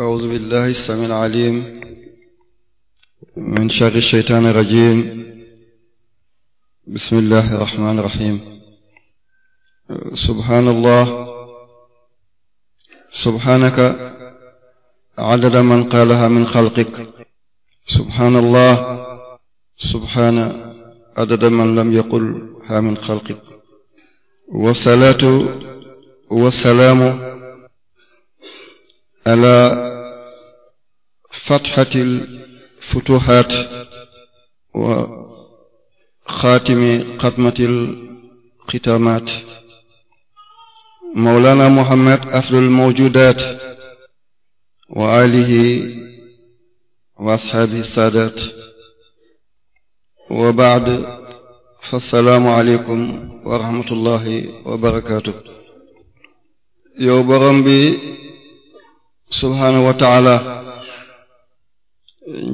أعوذ بالله السميع العليم من شر الشيطان الرجيم بسم الله الرحمن الرحيم سبحان الله سبحانك عدد من قالها من خلقك سبحان الله سبحان عدد من لم يقلها من خلقك والصلاة والسلام ala fatxatil futuxaat wa xaatimi xatmatil xitamaat mawlana muhammad afdal mawjudaat wa alihi wa ashaabihi saadaat wa baad fassalaamu aleykum wa rahmatullahi wa barakaatu yow borom bi subhaanahu wa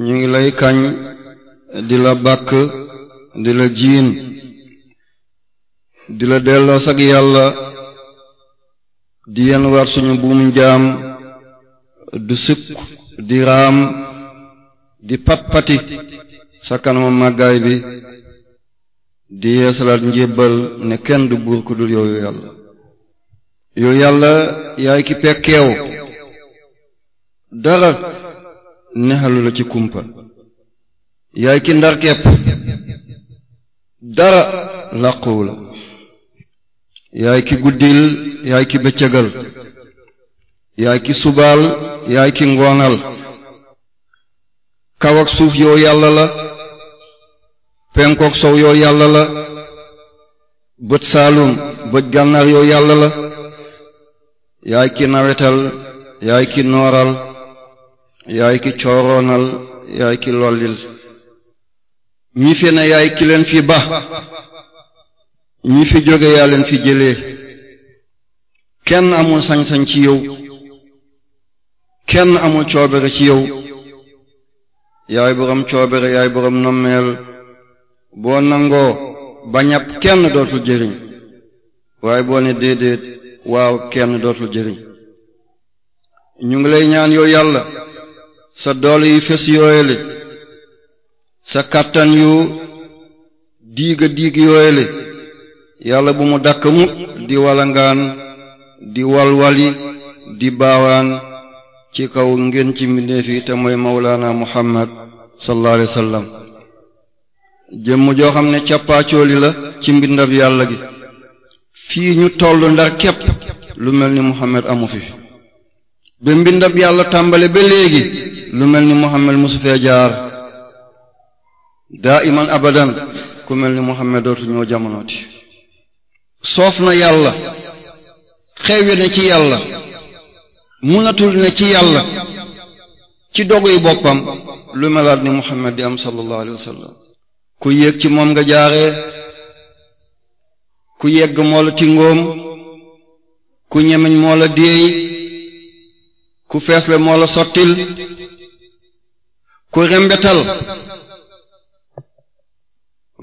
ñu ngi lay kañ di la bàkk di la jiin di la delloo sag yàlla di yen war suñu buum njaam du sikk di raam di pat-pati sa kanama màggaay bi di yeesalaat njébbal ne kenn du buur ku dul yow yàlla yow yàlla yaay ki pekkeew dara nexalu la ci kumpa yaay ki ndar kepp dara làquwu la yaay ki guddil yaay ki bëccëgal yaay ki subaal yaay ki ngoonal kaw yoo yàlla la penkook yoo yàlla la bët saalum gànnaar yoo yàlla la yaay ki nawetal yaay ki nooral yaay ki cooroonal yaay ki lollil ñi fi ne yaay ki leen fi ba ñi fi jóge yaa fi jëlee kenn amul sañ ci yow kenn amul coobere ci yow yaay borom coobere yaay borom nommeel boo nangoo bañab kenn dootul jëriñ waaye boo ne déedéet waaw kenn dootul jëriñ ñu ngi lay sa doole yu fés yooyale sa kàttan yu diiga diig yooyale yàlla bu mu dakk mukk di walangaan di walwali di baawaan ci kaw ngeen ci mbindeef yi te mooy mawlaana muhammad sallallahu jëmm joo xam ne cappaacooli la ci mbindab yàlla gi fii ñu toll ndar képp lu mel ni muhammad amu fi ba mbindab yàlla tàmbale ba léegi lu mel ni Muhammad musu fee jaar daa iman abadan ku mel ni Muhammad dootu ñoo jamonooti soof na yàlla xewwi na ci yàlla munatul na ci yàlla ci dogu yi boppam lu melaat ni Muhammad di am sallallahu alayhi wa sallam ku yéeg ci moom nga jaaree ku yegg moo la tingoom ku ñemeñ moo la ku feesle moo la sottil ku rembetal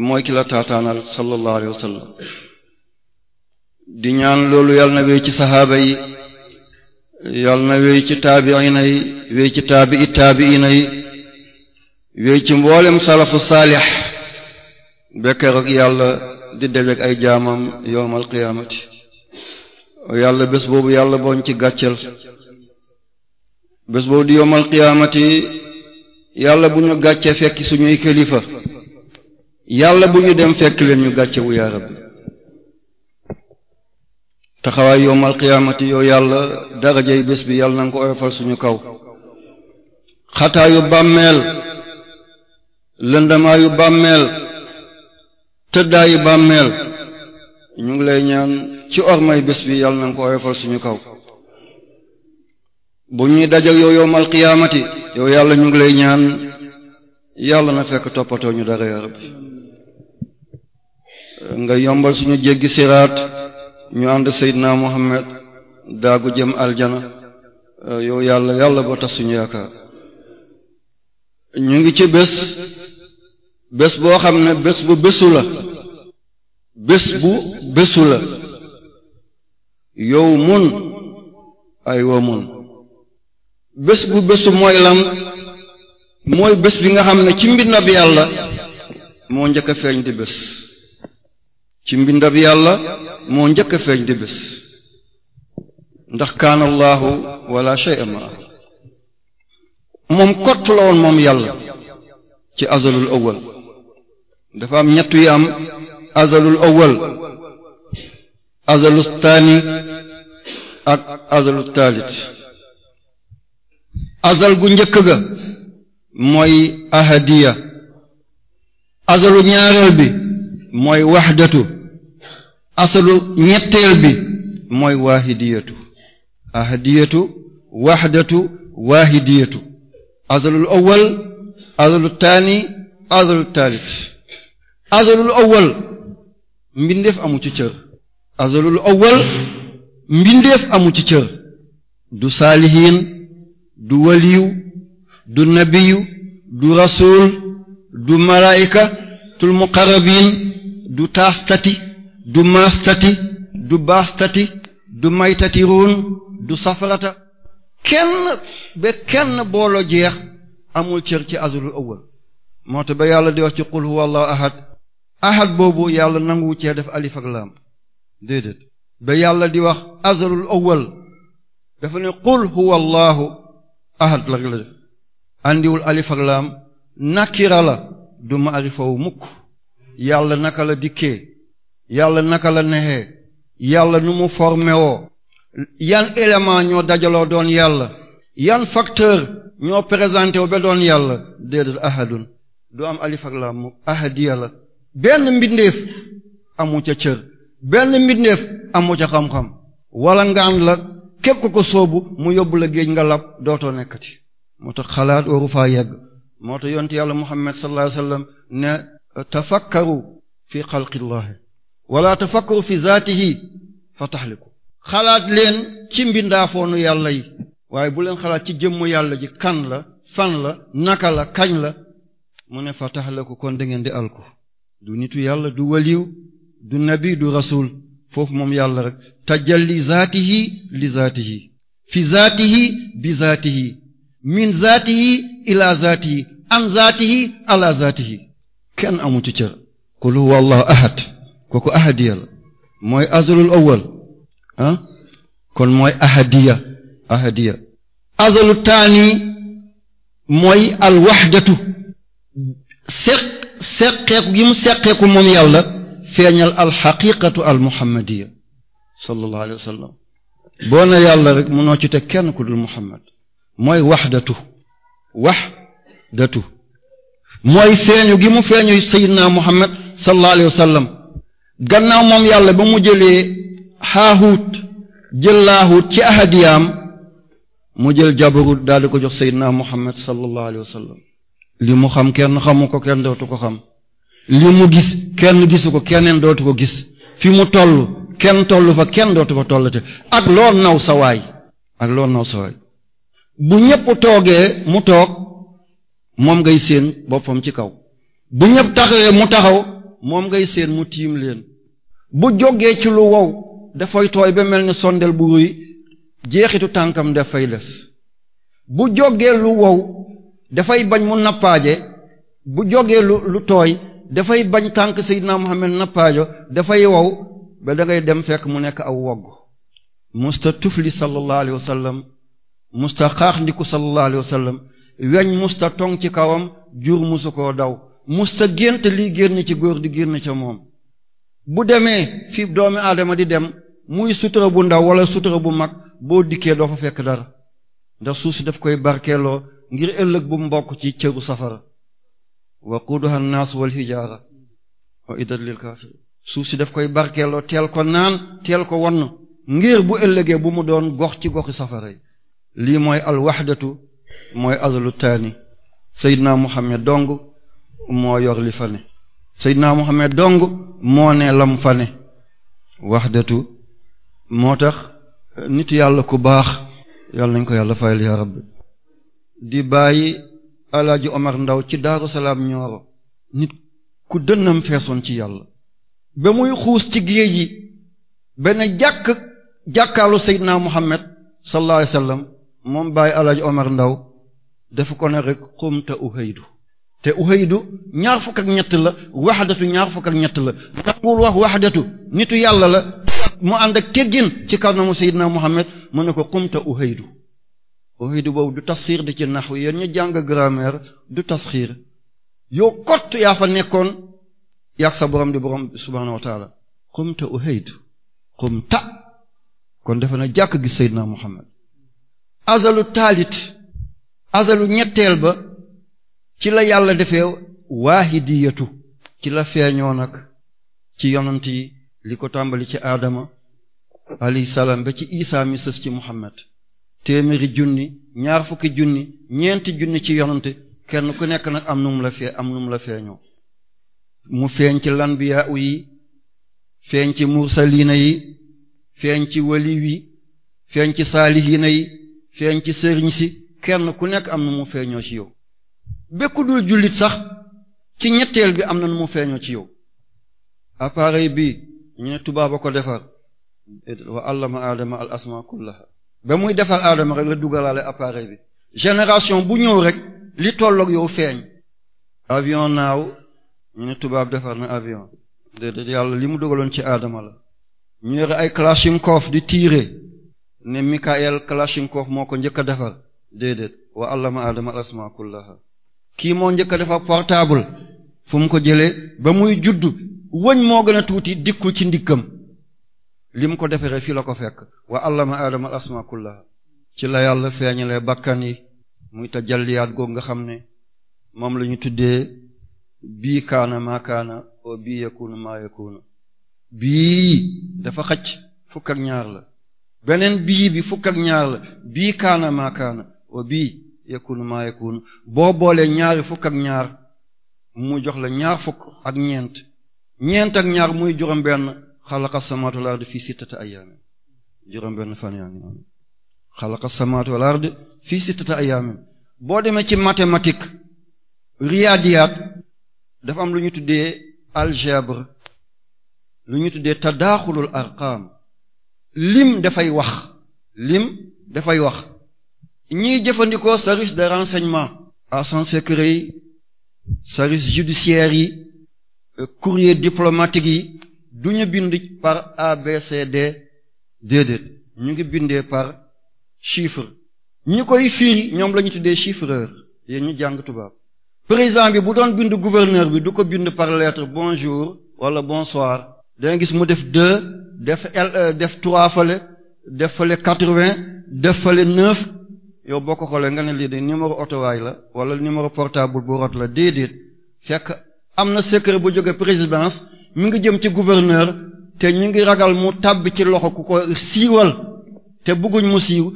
mooy kila la taataanal sallallahu alayhi wa di ñaan loolu yàlla na wéy ci saxaaba yi yàlla na wéy ci taabiina yi wéy ci taabii taabiina yi wéy ci mboolem salafu saalix bekkeer ak yàlla di dajeg ay jaamam yowmal qiyaamati yàlla bés boobu yàlla boñ ci gàccel bés boobu di yowmal qiyaamati yàlla bu ñu gàccee fekk suñuy kilifa yàlla bu ñu dem fekk leen ñu gàcce wu yaa rabbi taxawaay yowmal qiyaamati yow yàlla darajey bés bi yàlla na nga ko oyofal suñu kaw xataayu bàmmeel lëndamaayu bàmmeel tëddaayu bàmmeel ñu ngi lay ñaan ci ormay bés bi yàlla na nga ko oyofal suñu kaw bu ñuy dajak yow yowmal qiyaamati yow yàlla ñu ngi lay ñaan yàlla na fekk toppatoo ñu dara ya rabbi nga yombal suñu jéggi siraat ñu ànd seydina muhammad daagu jëm aljana yow yàlla yàlla ba tax suñu yaakaar ñu ngi ci bés bés boo xam ne bés bu bésu la bés bu bésu la yow mun ay wa mun bés bu bésu mooy lan mooy bés bi nga xam ne ci mbindab yàlla moo njëkk a feeñ di bés ci mbindab yàlla moo njëkk a feeñ di bés ndax kaan allahu wala shay'a am ñett yu azalul awal azalul taani ak azalul taalit azal gu njëkk ga mooy ahadiya azalu ñaareel bi mooy waxdatu asalu ñetteel bi mooy waahidiyatu ahadiyatu waxdatu waahidiyatu azalul awal azalu taani azalu taalit azalul awal mbindeef amu ci cër azalul awal mbindeef amu ci cër du saalihiin du waliyu du nabiyu du rasul du malaikatul muqarrabin du taastati du maastati du baastati du maytatiruun du safalata kenn ba kenn boolo jeex amul cër ci azlul awwal moo tax ba yàlla di wax ci qul huwa allahu ahad ahad boobu yàlla nanguwu cee def alif ak laam déedéet yàlla di wax azlul awwal dafa qul huwa allahu ahad la la andiwul alif ak laam nakira la du maarifawu mukk yàlla naka la dikkee yàlla naka la nexee yàlla nu mu formé woo yan élément ñoo dajaloo doon yàlla yan facteur ñoo présenté wu ba doon yàlla déedéet ahadun du am alif ak benn mbindeef amu ca cër benn mbindeef amu ca xam-xam wala ngaan la képp ku ko soobu mu yóbbu la géej nga lab dootoo nekkati moo tax xalaat waru faa yegg moo tax yonte yàlla muhammad sallallahu alayhi wasallam ne tafakkaru fi xalqillahi wala tafakkaru fi zaatihi fa xalaat leen ci mbindaafoonu waaye bu leen xalaat ci jëmm yàlla ji kan la fan la naka la kañ la mu ne fa taxliku kon da di alku du nitu yàlla du waliw du nabi du rasul foofu moom yàlla rek tajalli zaatihi li zaatihi fi zaatihi bi zaatihi min zaatihi ila zaatihi an zaatihi ala zaatihi kenn amu ci cër qul huwa allahu ahad kooku ahadiya mooy azalul awwal ah, kon mooy ahadiya ahadiya azalu taani mooy alwaxdatu seq seqeeku yi moom yàlla feeñal alxaqiqatu al muhammadiya sallallahu alayhi wa sallam boo ne yàlla rek mënoo ci te kenn ku dul muhammad mooy waxdatu waxdatu mooy feeñu gi mu feeñu sayidna muhammad sallallahu alayhi wa sallam gannaaw moom yàlla ba mu jëlee xaahuut jël laahuut ci ahadiyaam mu jël jabarut daal di ko jox sayidna muhammad sallallahu alayhi wa sallam li mu xam kenn xamu ko kenn dootu ko xam li mu gis kenn gisu ko keneen dootu ko gis fi mu toll kenn tollu fa kenn dootu fa tollate ak loo naw sawaay ak loo naw sa bu ñëpp toogee mu toog moom ngay séen boppam ci kaw bu ñëpp taxawee mu taxaw moom ngay séen mu tiim leen bu jógee ci lu wow dafay tooy ba mel ni sondel bu ruy jeexitu tànkam dafay des bu jógee lu wow dafay bañ mu nappaaje bu jógee lu tooy dafay bañ tànk Seydina Muhammad nappaajo dafay wow ba da ngay dem fekk mu nekk aw wogg musta tufli sallallahu alayhi wa sallam musta xaax ndiku sallallahu alayhi wa sallam weñ musta tong ci kawam jur musu koo daw musta gént lii génn ci góor di génn ca moom bu demee fi doomi aadama di dem muy sutura bu ndaw wala sutura bu mag boo dikkee doo fa fekk dara ndax suuf si daf koy barkeeloo ngir ëllëg bu mbokk ci cëru safara waquduha an-naas wal hijaara u'iddat lil kaafiriin suuf si daf koy barkeeloo teel ko naan teel ko won ngir bu ëllëgee bu mu doon gox ci goxi safara yi lii mooy al alwaxdatu mooy azalu taani Seydina Mohamed dong moo yor li fa ne Seydina dong moo ne lam fa ne moo tax eh, nit yàlla ku baax yàlla nañ ko yàlla fayal yaa rabbi di bàyyi alaaji Omar Ndaw ci Daaru Salaam Ñooro nit ku dënnam feesoon ci yàlla ba muy xuus ci géej yi benn jàkk jàkkaalu Seydina Muhammad sallallahu alayhi wasallam moom bàyyi alaaji Omar Ndaw dafa ko ne rek xumta uhaydu te uhaydu ñaar fukk ak ñett la wax waxdatu ñaar fukk ak ñett la nanguwul wax waxdatu nitu yàlla la mu ànd ak teggin ci kanamu Seydina Muhammad mu ne ko xumta uhaydu uridu boobu du tafsir di ci naxwu yéen ñu jàng grammaire du tasxiir yow kott yaa fa nekkoon yàq sa borom di borom subhaanahu wa taala xumta uhaytu xumta kon dafa na jàkk gis Seydina Muhammad azalu taalit azalu ñetteel ba ci la yàlla defee waahidiyatu ci la feeñoo nag ci yonant yi li ko tàmbali ci aadama alayhi salaam ba ci isa mi ci Muhammad téeméeri junni ñaar fukki junni ñeenti junni ci yonante kenn ku nekk nag am nu mu la fee am nu mu la feeñoo mu feeñ ci lanbiya u yi feeñ ci mursaliina yi feeñ ci waliw yi feeñ ci saalihiina yi feeñ ci sëriñ si kenn ku nekk am na mu feeñoo ci yow békku dul jullit sax ci ñetteel bi am na nu mu feeñoo ci yow appareil bi ñu ne tubaab ko defar wa allama adama al asma kullaha ba muy defar aadama rek la dugalaale appareil bi génération bu ñëw rek li tolloog yow feeñ avion naaw ñu ne tubaab defar na avion déedéet yàlla li mu dugaloon ci aadama la ñu yore ay kalachnikov di tiire ne Mikhaël kalachnikov moo ko njëkk a defar déedéet wa allama aadama al asmaa kii moo njëkk a defar portable fu mu ko jëlee ba muy judd wëñ moo gën a tuuti dikkul ci ndikkam li mu ko defaree fii la ko fekk wa allama aadama al asma kullaha ci la yàlla feeñalee bakkan yi muy tajalliyaat googu nga xam ne moom la ñu tuddee bii kaana maa kaana oo bii yakuuna maa yakuuna dafa xaj fukk la beneen bii bi bii kaana maa kaana boo boolee ñaari fukk ak ñaar mu jox la ñaar fukk ak ñeent ñeent ak ñaar muy juróom benn xalaqa samaawaati wal ardi fii sittati ayyaamin juróom benn fan yaa ngi noonu xalaqa samaawaati fii sittati ayyaamin boo demee ci mathématique riyaadiyaat dafa am lu ñu tuddee algebre lu ñu tuddee tadaaxulul arqaam lim dafay wax lim dafay wax ñiy jëfandikoo service de renseignement agents secrets yi service judiciaire yi courrier diplomatique yi du ñu bind par A B C déedéet ñu ngi bindee par chiffre ñi koy firi ñoom la ñu tuddee chiffreur yéen ñu jàng tubaab président bi bu doon bind gouverneur bi du ko bind par lettre bonjour wala bonsoir danga gis mu def deux def L euh, def trois fale def fale quatre-vingts def fale neuf yow boo ko xoolee nga ne lii de numéro otowaay la wala numéro portable bu rot la déedéet fekk am na secret bu jóge présidence mi ngi jëm ci gouverneur te ñu ngi ragal mu tàbb ci loxo ku ko siiwal te bëgguñ mu siiw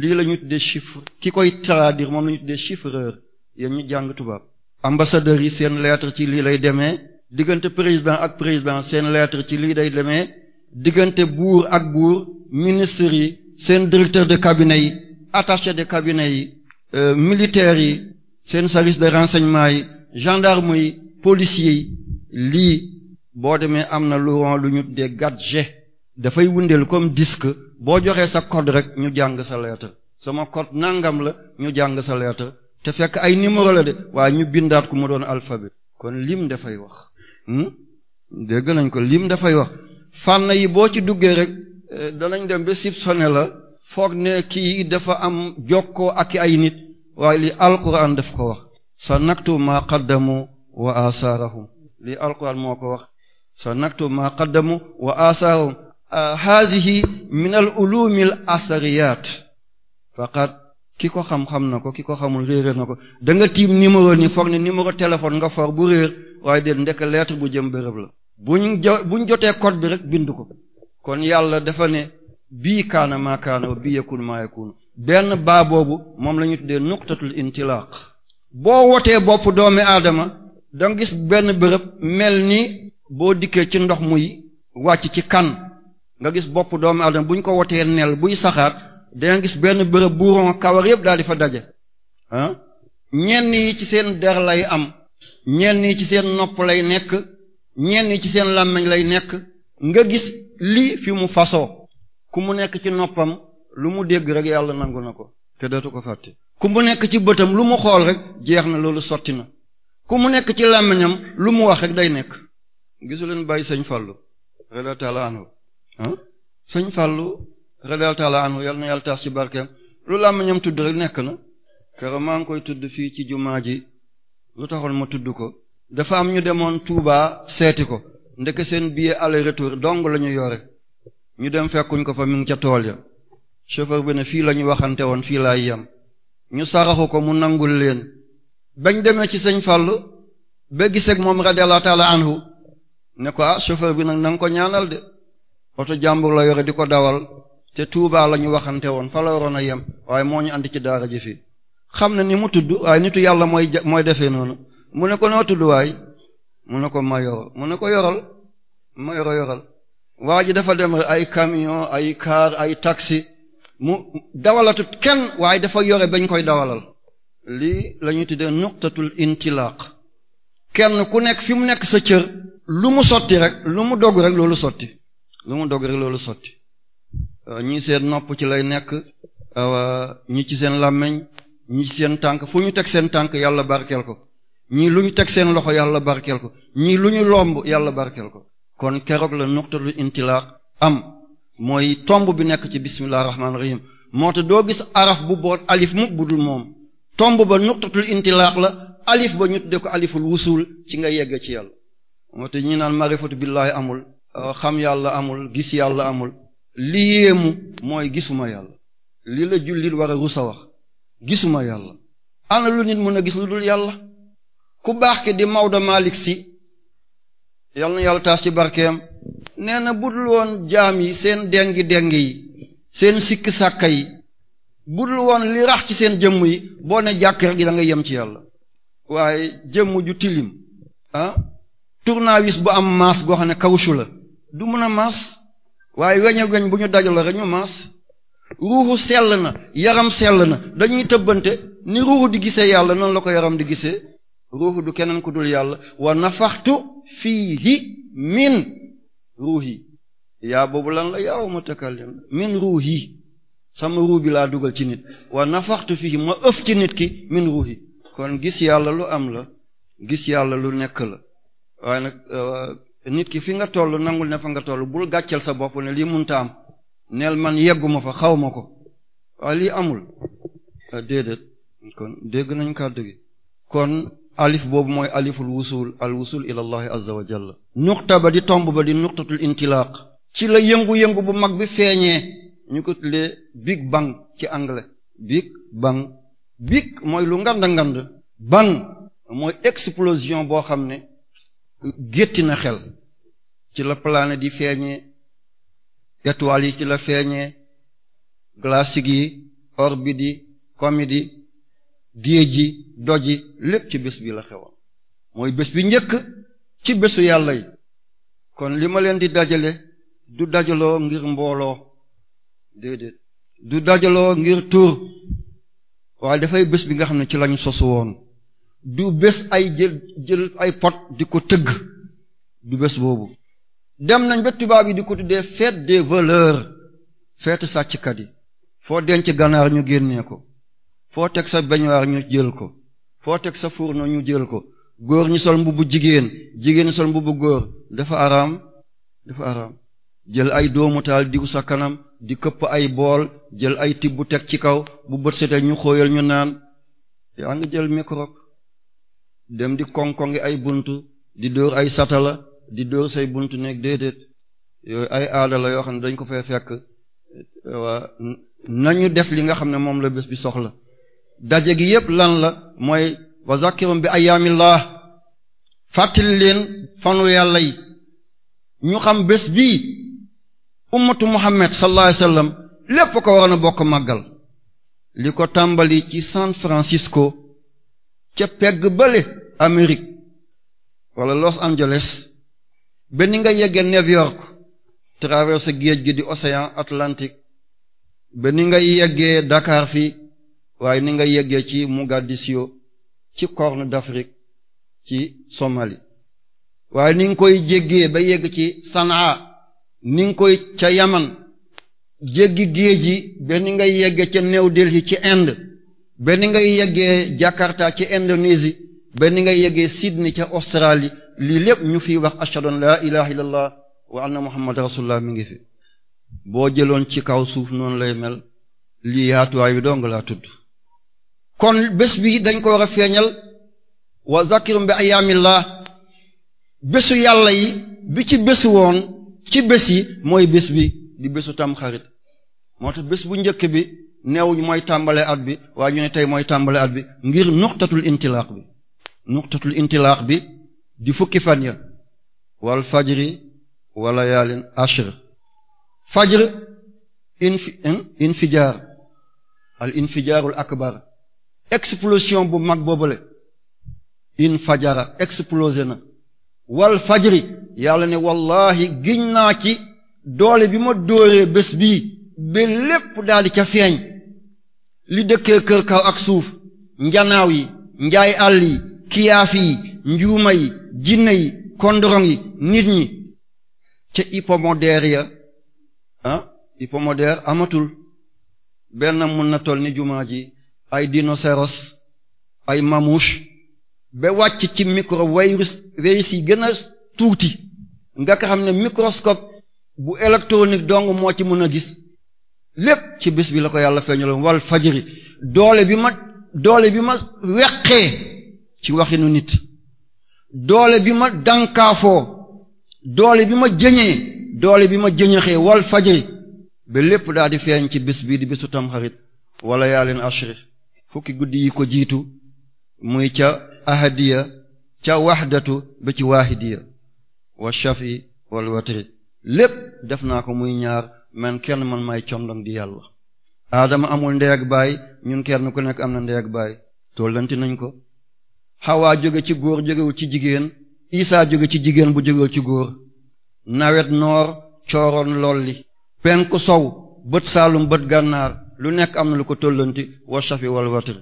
lii la ñu tuddee chiffre ki koy traduire moom la ñu tuddee chiffreur yéen ñu jàng tubaab ambassadeurs yi seen lettre ci lii lay demee diggante président ak président seen lettre ci lii lay demee diggante buur ak buur ministres yi seen directeur de cabinet yi attaché de cabinet yi euh, militaires yi seen service de renseignement yi gendarme yi policiers yi lii boo demee am na lu lu ñu de gadget dafay wundeel comme disque boo joxee sa code rek ñu jàng sa lettre sama code nangam la ñu jàng sa lettre te fekk ay numéro la de waaye ñu bindaat ku mu doon alphabet kon lim dafay wax hmm? dégg nañ ko lim dafay wax fànn yi boo ci duggee rek eh, danañ dem ba soupçonné la foog ne kii dafa am jokkoo ak ay nit waaye li alquran daf ko wax sa naktu ma qaddamu wa asaarahum li alquran moo ko wax sanaktubu ma qaddamu wa asaarahum haadihi min al ulumi al ki ko xam-xam na ko ki ko xamul réeréer na ko da nga tiim numéro ni foog ne numéro téléphone nga for bu réer waaye déet ndekk lettre bu jëm bërëb la buñ jo buñ jotee code bi rek bind ko kon yàlla dafa ne bii kaana maa kaana wa bii yakun maa yakun benn baa moom la ñu tuddee nuqtatul intilaq boo wotee bopp doomi aadama danga gis benn bërëb mel ni boo dikkee ci ndox muy wàcc ci kan nga gis bopp doomu aadama bu ñu ko wotee nel buy saxaar danga gis benn bërëb buuron kawar yëpp daal di fa daje ah? ñenn yi ci seen der lay am ñenn yi ci seen nopp lay nekk ñenn yi ci seen làmmiñ lay nekk nga gis li fi mu fasoo ku mu nekk ci noppam lu mu dégg rek yàlla nangu na ko te dootu ko fàtte ku mu nekk ci bëtam lu mu xool rek jeex na loolu sotti na ku mu nekk ci làmmiñam lu mu wax rek day nekk gisuleen bàyyi sëñ Fallou radiyallahu ta'ala anhu ah sëñ Fallou radiyallahu ta'ala anhu yal na yàlla tax ci barkeem lu làmmiñam tudd rek nekk na keroog maa ngi koy tudd fii ci jumaa ji lu taxoon ma tudd ko dafa am ñu demoon Touba seeti ko ndeke seen billet aller retour dong la ñu yore ñu dem fekkuñ ko fa mi ngi ca tool ya chauffeur bi ne fii la ñu waxante woon fii laay yem ñu saraxu ko mu nangul leen bañ demee ci sëñ Fallou ba giseeg moom radiyallahu ta'ala anhu ne ko ah chauffeur bi nag nan nga ko ñaanal de oto jàmbur la yore di ko dawal te Touba la ñu waxante woon fa la waroon a yem waaye moo ñu andi ci daara ji fii xam ne ni mu tudd waaye nitu yàlla mooy mooy defee noonu mu ne ko noo tudd waay mu ne ko mayoro mu ne ko yoral mayoro yoral waa ji dafa dem ay camion ay car ay taxi mu dawalatut kenn waaye dafa yore bañ koy dawalal lii la ñuy tuddee nuqtatul intilaq kenn ku nekk fi mu nekk sa cër lu mu sotti rek lu mu dogg rek loolu sotti lu mu dogg rek loolu sotti euh, ñi seen nopp ci lay nekk euh, ñi ci seen làmmeñ ñi ci seen tànk fu ñu teg seen tànk yàlla barkeel ko ñii lu ñu teg seen loxo yàlla barkeel ko ñii lu ñu lomb yàlla barkeel ko kon keroog la nuqtatul intilaaq am mooy tomb bi nekk ci bismillah rahmaani rahim moo te doo gis araf bu boot alif mu budul moom tomb ba nuqtatul intilaaq la alif ba ñu tudde ko aliful wusul ci nga yegg ci yàlla moo tax ñi naan marifatu billaahi amul euh, xam yàlla amul gis yàlla amul li yéemu mooy gisuma yàlla lii la jullit war a rusa wax gisuma yàlla ana lu nit mën a gis lu dul yàlla ku baax ki di Maodo Malick si yàlla na yàlla taas ci barkeem nee na budul woon jaam yi seen dengi dengi yi seen sikk sàkka yi budul woon li rax ci seen jëmm yi boo ne jàkk rek gi da yem ci yàlla waaye jëmm ju tilim ah tournevis bu am maas goo xam ne kawsu la du mën a mas waaye weñ weñ bu ñu dajalo rek ñu maas ruuxu sell na yaram sell na dañuy tëbbante ni ruuxu di gisee yàlla noonu la ko yaram di gisee ruuxu du keneen ku dul yàlla wa nafaxtu fiihi min ruuhi yaa boobu lan la yaaw mutakallim min ruuhi sama ruux bi laa dugal ci nit wa nafaxtu fiihi ma ëf ci nit ki min ruuhi kon gis yàlla lu am la gis yàlla lu nekk la waaye nag euh, nit ki fi nga toll nangul ne fa nga toll bul gàcceel sa boppu ne lii munta am neel man yegguma fa xawma ko waaye lii amul euh, déedéet kon dégg nañ kàddu gi kon alif boobu mooy aliful wusul al wusul ila allahi azza wa jalla nuqta ba di tomb ba di nuqtatul intilaq ci la yëngu-yëngu bu mag bi feeñee ñu ko tuddee big bang ci anglais big bang big mooy lu ngand ngand bang mooy explosion boo xam ne gétti na xel ci la planète yi feeñee étoiles yi ci la feeñee glaciques yi orbites yi comètes yi géej yi doj lépp ci bés bi la xewoon mooy bés bi njëkk ci bésu yàlla yi kon li ma leen di dajale du dajaloo ngir mbooloo déedéet du dajaloo ngir tur waaye dafay bés bi nga xam ne ci lañu sosu woon du bés ay jël jël ay pot di ko tëgg du bés boobu dem nañ ba tubaab yi di ko tuddee fête des voleurs fête sàcckat yi foo denc ganaar ñu génnee ko foo teg sa beñuwaar ñu jël ko foo teg sa fourneau ñu jël ko góor ñi sol mbubbu jigéen jigéen ñi sol mbubbu góor dafa araam dafa araam jël ay doomu taal diw sa kanam di këpp ay bool jël ay tibb teg ci kaw bu bët setee ñu xóoyal ñu naan yaa ngi jël microbe dem di konkongi ay buntu di dóor ay satala di dóor say buntu nekk déedéet yooyu ay aada la yoo xam ne dañ ko fay fekk waa nañu def li nga xam ne moom la bés bi soxla daje gi yépp lan la mooy wa zakirum bi ayamillah fàttali leen fanu yàlla yi ñu xam bés bi ummatu muhammad sallallahu alayhi wasallam lépp ko waroon a bokk màggal li ko tàmbali ci San Francisco ca pegg bële Amérique wala Los Angeles ba ni nga yeggee New York traversé géej gi di océan Atlantique ba ni yegge yeggee Dakar fii waaye ni nga yeggee ci Mogadiscio ci Corne d'Afrique ci Somalie waaye ni nga ba yegg ci Sanaa ni koy ca Yaman jéggi géej gi ba ni nga yeggee ca New Delhi ci Inde ba ni ngay yeggee Jakarta ci Indonésie ba ni ngay yeggee Sydney ca Australie lii lépp ñu fiy wax ashhadu an laa ilaha wa anna muhammad rasulullah mi ngi fi boo jëloon ci kaw suuf noonu lay mel lii yaatuwaay bi dong laa tudd kon bés bi dañ ko war a feeñal wa zakirum bi ayaamillah bésu yàlla yi bi ci bésu woon ci bés yi mooy bés bi di bésu tam xarit moo tax bés bu njëkk bi neewuñ mooy tàmbale at bi waaye ñu ne tey mooy tàmbale at bi ngir nuqtatul intilaaq bi nuqtatul intilaaq bi di fukki fan ya wal fajri wala yaalin ashr fajr infi infijaar al infijaarul akbar explosion bu mag boobale infajara explosé na wal fajri yàlla ne wallahi giñ naa ci doole bi ma dóoree bés bi ba lépp daal di ca feeñ li dëkkee kër kaw ak suuf njanaaw yi njaay àll yi kiyaaf yi njuuma yi jinne yi kondorong yi nit ñi ci hypomodère ya ah hypomodère amatul benn mën na toll ni jumaa ji ay dinoséros ay mamouche ba wàcc ci micro virus virus gën a tuuti nga ko xam ne microscope bu électronique dong moo ci mën a gis lépp ci bis bi la ko yàlla feeñaloon wal fajri doole bi ma doole bi ma weqee ci waxinu nit doole bi ma dànkaafoo doole bi ma jëñee doole bi ma jëñëxee wal fajri ba lépp daal di feeñ ci bis bii di bisu tamxarit wala yaaleen ashri fukki guddi yi ko jiitu muy ca ahadiya ca wahdatu ba ci waahidiya wa shafi wal watri lépp def naa ko muy ñaar man kenn man may condom di yàlla aadama amul ndey ak baay ñun kenn ku nekk am na ndey ak baay tollanti nañ ko xawaa jóge ci góor jógewul ci jigéen isaa jóge ci jigéen bu jógewul ci góor nawet noor cooroon lolli penku sow bët saalum bët gannaar lu nekk am na lu ko tollanti wa shafi wal watr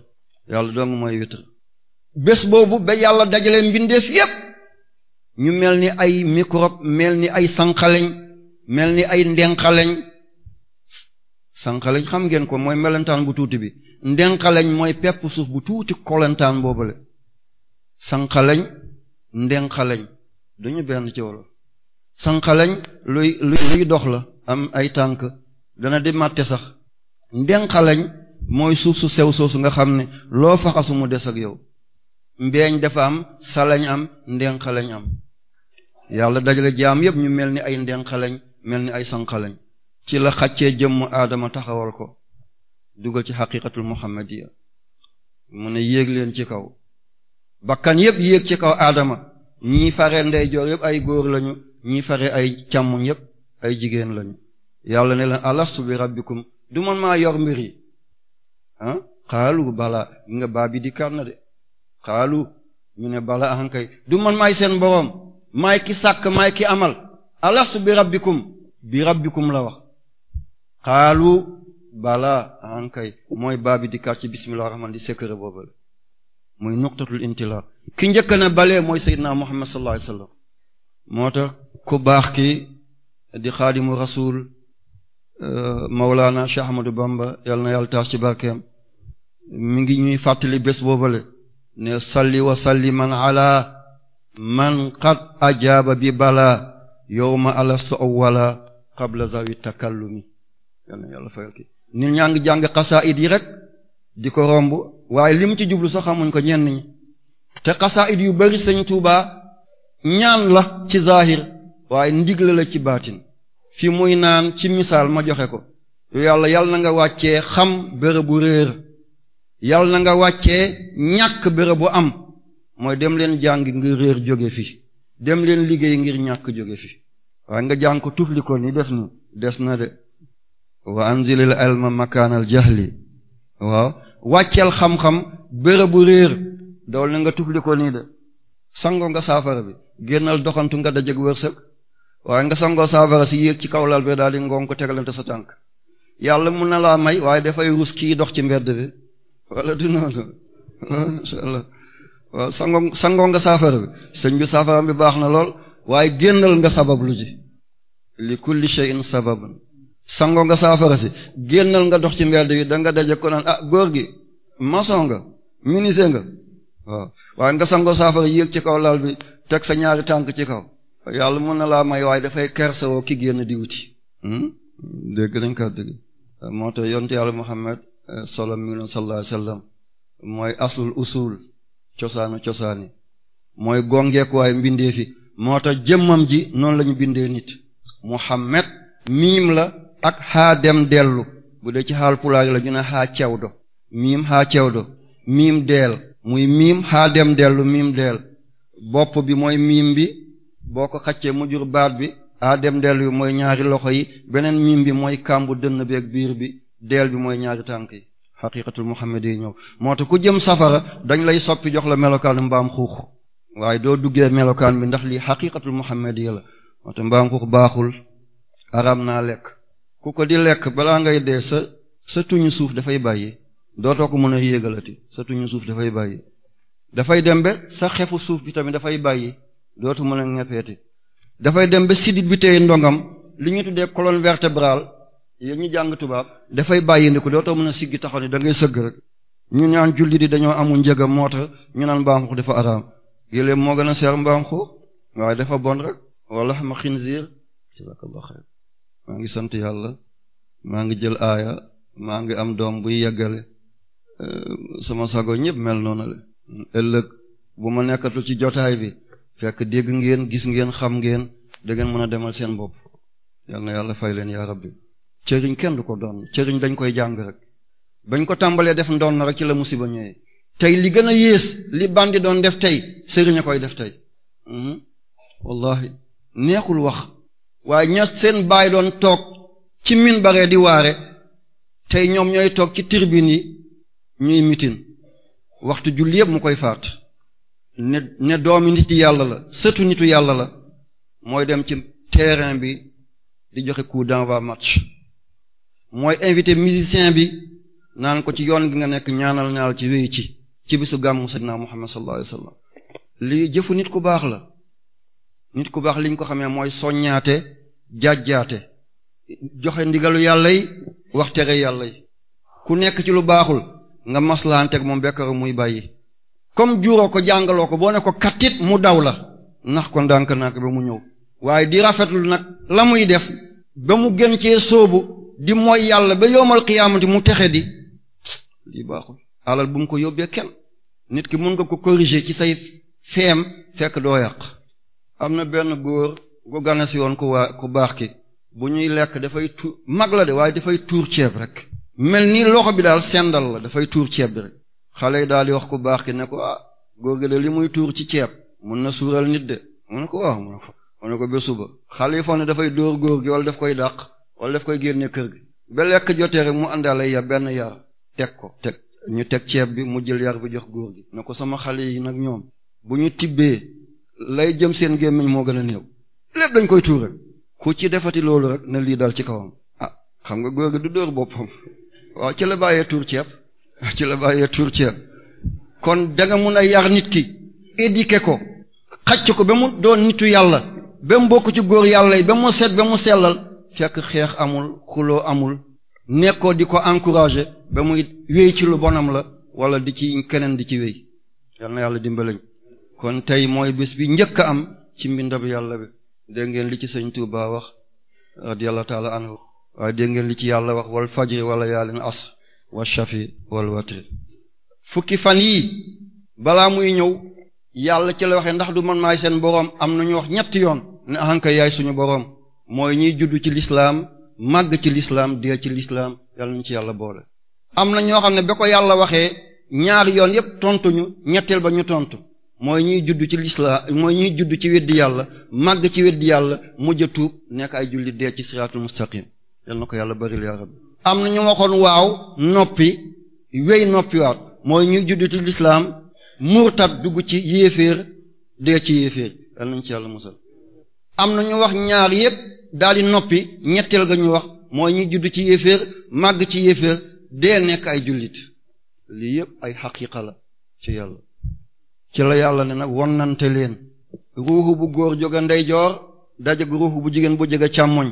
yàlla dong mooy witr bés boobu ba yàlla dajale mbindeef yépp ñu mel ni ay microbe mel ni ay sanqaleñ mel ni ay ndenqaleñ sànqaleñ xam ngeen ko mooy melentaan bu tuuti bi ndenqaleñ mooy pepp suuf bu tuuti kolentaan boobale sànqaleñ ndenqaleñ duñu benn ci wolof luy luy dox la am ay tànk dana di màtte sax ndenqaleñ mooy suuf su sew soosu nga xam ne loo faxasu mu des ak yow mbeeñ dafa am salañ am ndenqaleñ am yàlla dajale jaam yépp ñu mel ni ay ndenqaleñ mel ni ay sanqalañ ci la xàccee jëmm aadama taxawal ko dugal ci xaqiqatul muhammadiya mu ne yéeg leen ci kaw bakkan yépp yéeg ci kaw aadama ñii fare ndeyjoor yépp ay góor lañu ñii fare ay càmmuñ yépp ay jigéen lañu yàlla ne leen alastu bi rabbikum du man maa yor mbir yi ah xaalu bala gi nga baa di kar na de xaalu ñu ne bala ankay du man maay seen boroom maay ki sàkk maay ki amal alastu bi rabbikum bi rabbikum la wax xaalu bala ankay mooy baabi di kaat ci bismillah di secret boobu la muy nuqtatul ki njëkk na balee mooy seydinaa muhammad sallallahu alayhi wasallam moo tax ku baax ki di xadimu rasul euh, Mawlana Cheikh Ahmadou Bamba yal na yàlla taas barkeem mi ngi ñuy fàttali bés boobale ne salli wa salliman ala man qad ajaaba bi bala yawma alastu awwala qabla zawi takallumi yal na yàlla fayal ki nit ñaa jàng xasaayid yi rek di ko romb waaye li mu ci jublu sax xamuñ ko ñenn ñi te xasaayid yu bari Sëriñ Tuubaa ñaan la ci zaahir waaye ndigle la ci baatin fi muy naan ci misaal ma joxe ko yàlla yàlla na nga wàcce xam bërëbu réer yàlla na nga wàccee ñàkk bërëbu am mooy dem leen jàng nga réer jóge fi dem leen liggéey ngir ñàkk jóge fi waaye nga jàng ko tufli ko ni def nu des na de wa anzilil ilma makaanal jahli waaw wàcceel xam-xam bërëbu réer dool na nga tufli ko nii de sango nga saafara bi génnal doxantu nga da dajeg wërsëg waaye nga sangoo saafara si yéeg ci kaw lal bi daal di ngoon ko tegalante sa tànk yàlla mun na laa may waaye dafay ruus kii dox ci mbedd bi wala du noonu insha Allah waaw sangoo sangoo nga saafara bi sëñ bi saafaraam bi baax na lool waaye génnal nga sabab lu ji li kulli shay'in sababun sangoo nga saafara si génnal nga dox ci mbedd yi da daje ko naan ah góor gi maçon nga menuisier nga waa waaye nga sangoo saafara yéeg ci kaw laal bi teg sa ñaari tànk ci kaw yàlla mën na laa may waaye dafay kersewoo ki génn di wuti hmm? dégg nañ kàddu gi moo tax yonte yàlla Muhammad eh, sallallahu alayhi wasallam mooy aslul usul cosaanu cosaani mooy gongeekuwaay mbindee fi moo tax jëmmam ji noonu la ñu bindee nit Muhammad miim la ak xaa dem dellu bu dee ci xaal pulaar la ñu ne xaa cewdo miim xaa cewdo miim deel muy miim xaa dellu miim deel bopp bi mooy miim bi boo ko xaccee mu jur baat bi aa dem dellu bi mooy ñaari loxo yi beneen miim bi mooy kàmbu dënn bi ak biir bi deel bi mooy ñaari tànk yi xaqiqatul muhammadi yi ñëw moo tax ku jëm safara dañ lay soppi jox la melokaan mbaam xuux waaye doo duggee melokaan bi ndax lii xaqiqatul muhammadi yi la moo tax mbaam xuux baaxul araam naa lekk ku ko di lekk balaa ngay dee sa sa tuñu suuf dafay bàyyi dootoo ko mën a yéegalati sa tuñu suuf dafay bàyyi dafay dem ba sa xefu suuf bi tamit dafay bàyyi dootu mën a ñeppeeti dafay dem ba sidit bi tey ndongam li ñu tuddee colonne vertébrale yéen ñu jàng tubaab dafay bàyyi ko doo dootoo mën a siggi taxaw ni da ngay sëgg rek ñu ñaan julli di dañoo amul njëga moo tax ñu naan mbaam xuux dafa araam moo gën a seer mbaam xuux dafa bon rek wala ma xinziir maa ngi sant yàlla maa ngi jël aaya maa ngi am doom buy yeggale euh, suma sago ñëpp mel noonu ëllëg bu ma nekkatul ci jotaay bi fekk dégg ngeen gis ngeen xam ngeen dangeen mën a demal seen bopp yal na yàlla fay leen yaa rabbi cëriñ kenn du ko doon cëriñ dañ koy jàng rek bañ ko tàmbalee def ndoon na rek ci la musiba ñëwee tey li gën a yées li bandi doon def tey sëriñ koy def tey mhm. wallahi neexul wax waaye ña seen baay doon toog ci min baree di waare tey ñoom ñooy toog ci tribune yi ñuy mitin waxtu julli yëpp mu koy faat ne ne doomi nit yàlla la sëtu nitu yàlla la mooy dem ci terrain bi di joxe coup d'envoi match mooy invité musicien bi naan ko ci yoon gi nga nekk ñaanal ñaal ci wéy ci ci bisu gàmmu sayyidina Muhammad sallallahu alayhi wasallam lii jëfu nit ku baax la nit ku baax liñ ko xamee mooy soññaate jaajjaate joxe ndigalu yàlla yi wax tere yàlla yi ku nekk ci lu baaxul nga maslaanteeg moom bekkaru muy bàyyi comme juuroo ko jàngaloo ko boo ne ko kattit mu daw la ndax ko ndànk-ndànk ba mu ñëw waaye di rafetlu nag la muy def ba mu gën cee sóobu di mooy yàlla ba yowmal qiyaamati mu texe di lii baaxul alal bu mu ko yóbbee kenn nit ki mun nga ko corriger ci say feem fekk doo yàq am na benn góor gu ganasi woon ku waa ku baax ki bu ñuy lekk dafay tu la waaye dafay tuur ceeb rek mel ni loxo bi daal sendal la dafay tuur ceeb bi rek xale yi daal di wax ku baax ki ne ko ah góor gi de li muy tuur ci ceeb mun na suural nit de mu ne ko waaw mu ne ko mu suba xale yi foog ne dafay dóor góor gi wala daf koy dàq wala def koy génne kër gi ba lekk jotee rek mu àndaale ya benn yar teg ko teg ñu teg ceeb bi mu jël yar bi jox góor gi ne ko sama xale yi nag ñoom bu ñu tibbee lay jëm seen gémmiñ moo gën a néew lépp dañ koy tuur rek ku ci defati loolu rek ne lii daal ci kawam ah xam nga góor gi du dóor boppam waaw ci la bàyyee tuur ceeb ci la bàyyee tuur ceeb kon da nga mun a yar nit ki éduquer ko xacc ko ba mu doon nitu yàlla ba mu bokk ci góor yàlla yi ba mu set ba mu sellal fekk xeex amul xuloo amul nekkoo di ko encourager ba muy wéy ci lu bonam la wala di ci keneen di ci wéy yal na yàlla dimbalañ kon tey mooy bés bi njëkk am ci mbind mbindab yàlla bi dégg ngeen li ci sëñ Touba wax radiyallahu taala anhu waaye dégg ngeen li ci yàlla wax wal fajri wala yaalin asr wa shafi wal watri fukki fan yii balaa muy ñëw yàlla ci la waxee ndax du man maay seen boroom am na ñu wax ñetti yoon ne ahanka yaay suñu boroom mooy ñuy judd ci lislaam màgg ci lislaam dee ci lislaam yàlla nañu ci yàlla boole am na ñoo xam ne ba ko yàlla waxee ñaari yoon yépp tontuñu ñetteel ba ñu tontu mooy ñiy judd ci lislaam mooy ñiy judd ci weddi yàlla màgg ci weddi yàlla mujj a tuub nekk ay ci siraatul mustaqim yal na ko yàlla bari yaa am na ñu waxoon waaw noppi wey noppiwaat mooy ñuy judd ci lislaam murtad dugg ci yéeféer dee ci yéeféer yal nañ ci yàlla musal am na ñu wax ñaar yépp daal noppi ñetteel ga ñu wax mooy ñi judd ci yéeféer màgg ci yéeféer dee nekk ay jullit lii yëpp ay xaqiqa la ci yàlla ci la yàlla ne nag wonnante leen ruuxu bu góor jóge ndeyjoor dajag ruuxu bu jigéen bu jóge càmmooñ